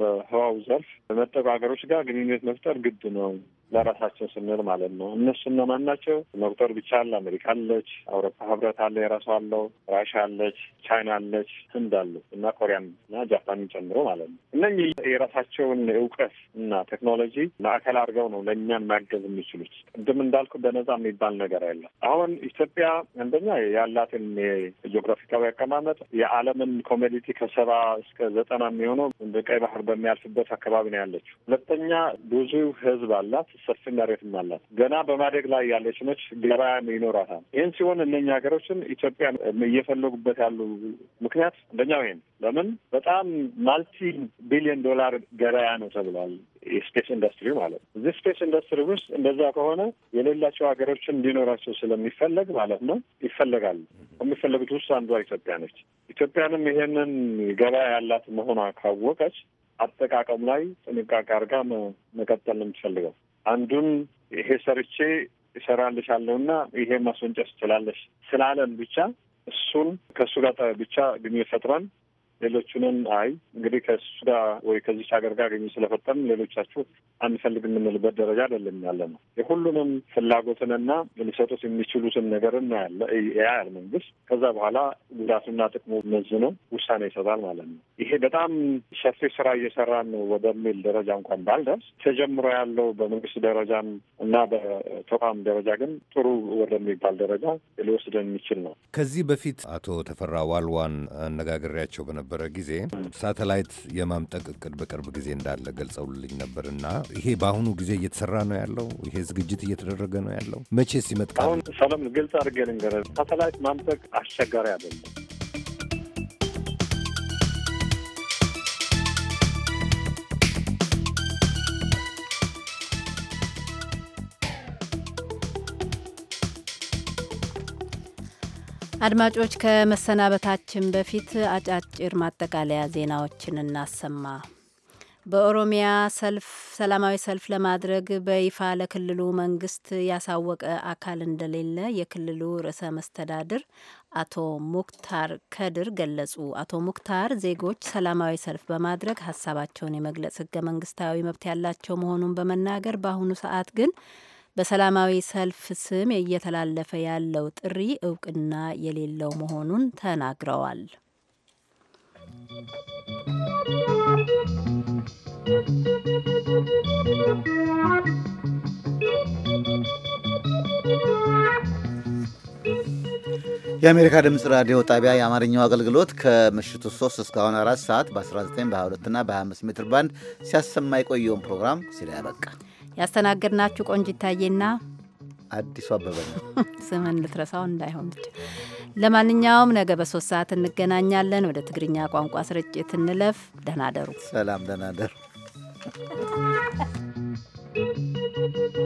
በህዋው ዘርፍ በመጠቁ ሀገሮች ጋር ግንኙነት መፍጠር ግድ ነው፣ ለራሳቸው ስንል ማለት ነው። እነሱ እነማን ናቸው? መቁጠር ብቻ አለ። አሜሪካ አለች፣ አውሮፓ ህብረት አለ የራሱ አለው፣ ራሻ አለች፣ ቻይና አለች፣ ህንድ አሉ እና ኮሪያን እና ጃፓንን ጨምሮ ማለት ነው። እነኚህ የራሳቸውን እውቀት እና ቴክኖሎጂ ማዕከል አድርገው ነው ለእኛን ማገዝ የሚችሉት ቅድም እንዳ እንዳልኩ በነፃ የሚባል ነገር የለም። አሁን ኢትዮጵያ አንደኛ ያላትን የጂኦግራፊካዊ አቀማመጥ የዓለምን ኮሞዲቲ ከሰባ እስከ ዘጠና የሚሆነው ቀይ ባህር በሚያልፍበት አካባቢ ነው ያለችው። ሁለተኛ ብዙ ህዝብ አላት፣ ሰፊ መሬትም አላት። ገና በማደግ ላይ ያለች ነች፣ ገበያም ይኖራታል። ይህን ሲሆን እነኛ ሀገሮችን ኢትዮጵያ እየፈለጉበት ያሉ ምክንያት አንደኛው ይሄን ለምን በጣም ማልቲ ቢሊዮን ዶላር ገበያ ነው ተብሏል። የስፔስ ኢንዱስትሪ ማለት ነው። እዚህ ስፔስ ኢንዱስትሪ ውስጥ እንደዛ ከሆነ የሌላቸው ሀገሮችን እንዲኖራቸው ስለሚፈለግ ማለት ነው ይፈለጋል። ከሚፈለጉት ውስጥ አንዷ ኢትዮጵያ ነች። ኢትዮጵያንም ይሄንን ገበያ ያላት መሆኗ ካወቀች አጠቃቀም ላይ ጥንቃቄ አድርጋ መቀጠል ነው የምትፈልገው። አንዱን ይሄ ሰርቼ እሰራልሻለሁ እና ይሄ ማስወንጨስ ትችላለሽ ስላለን ብቻ እሱን ከእሱ ጋር ብቻ ግንኙነት ፈጥረን ሌሎቹንን አይ እንግዲህ ከሱ ጋር ወይ ከዚች ሀገር ጋር ግኝ ስለፈጠን ሌሎቻችሁ አንፈልግ የምንልበት ደረጃ አይደለም ያለ ነው። የሁሉንም ፍላጎትንና ሊሰጡት የሚችሉትን ነገር ያለ ያያል መንግስት። ከዛ በኋላ ጉዳቱና ጥቅሙ መዝኖ ውሳኔ ይሰጣል ማለት ነው። ይሄ በጣም ሰፊ ስራ እየሰራን ነው ወደሚል ደረጃ እንኳን ባልደርስ ተጀምሮ ያለው በመንግስት ደረጃም እና በተቋም ደረጃ ግን ጥሩ ወደሚባል ደረጃ ሊወስደን የሚችል ነው። ከዚህ በፊት አቶ ተፈራ ዋልዋን አነጋግሬያቸው በነበ በነበረ ጊዜ ሳተላይት የማምጠቅ እቅድ በቅርብ ጊዜ እንዳለ ገልጸውልኝ ነበር እና ይሄ በአሁኑ ጊዜ እየተሰራ ነው ያለው? ይሄ ዝግጅት እየተደረገ ነው ያለው? መቼ ሲመጥቃል? አሁን ሰለም ግልጽ አድርጌ ልንገርህ፣ ሳተላይት ማምጠቅ አስቸጋሪ አይደለም። አድማጮች ከመሰናበታችን በፊት አጫጭር ማጠቃለያ ዜናዎችን እናሰማ። በኦሮሚያ ሰልፍ ሰላማዊ ሰልፍ ለማድረግ በይፋ ለክልሉ መንግስት ያሳወቀ አካል እንደሌለ የክልሉ ርዕሰ መስተዳድር አቶ ሙክታር ከድር ገለጹ። አቶ ሙክታር ዜጎች ሰላማዊ ሰልፍ በማድረግ ሀሳባቸውን የመግለጽ ህገ መንግስታዊ መብት ያላቸው መሆኑን በመናገር በአሁኑ ሰዓት ግን በሰላማዊ ሰልፍ ስም እየተላለፈ ያለው ጥሪ እውቅና የሌለው መሆኑን ተናግረዋል። የአሜሪካ ድምፅ ራዲዮ ጣቢያ የአማርኛው አገልግሎት ከምሽቱ 3 እስካሁን 4 ሰዓት በ19 በ22 እና በ25 ሜትር ባንድ ሲያሰማ የቆየውን ፕሮግራም ሲላ ያበቃ ያስተናገድናችሁ ቆንጅ ታዬና አዲሱ አበበ ነው። ስምን ልትረሳው እንዳይሆን ብቻ። ለማንኛውም ነገ በሶስት ሰዓት እንገናኛለን። ወደ ትግርኛ ቋንቋ ስርጭት እንለፍ። ደህና ደሩ። ሰላም፣ ደህና ደሩ።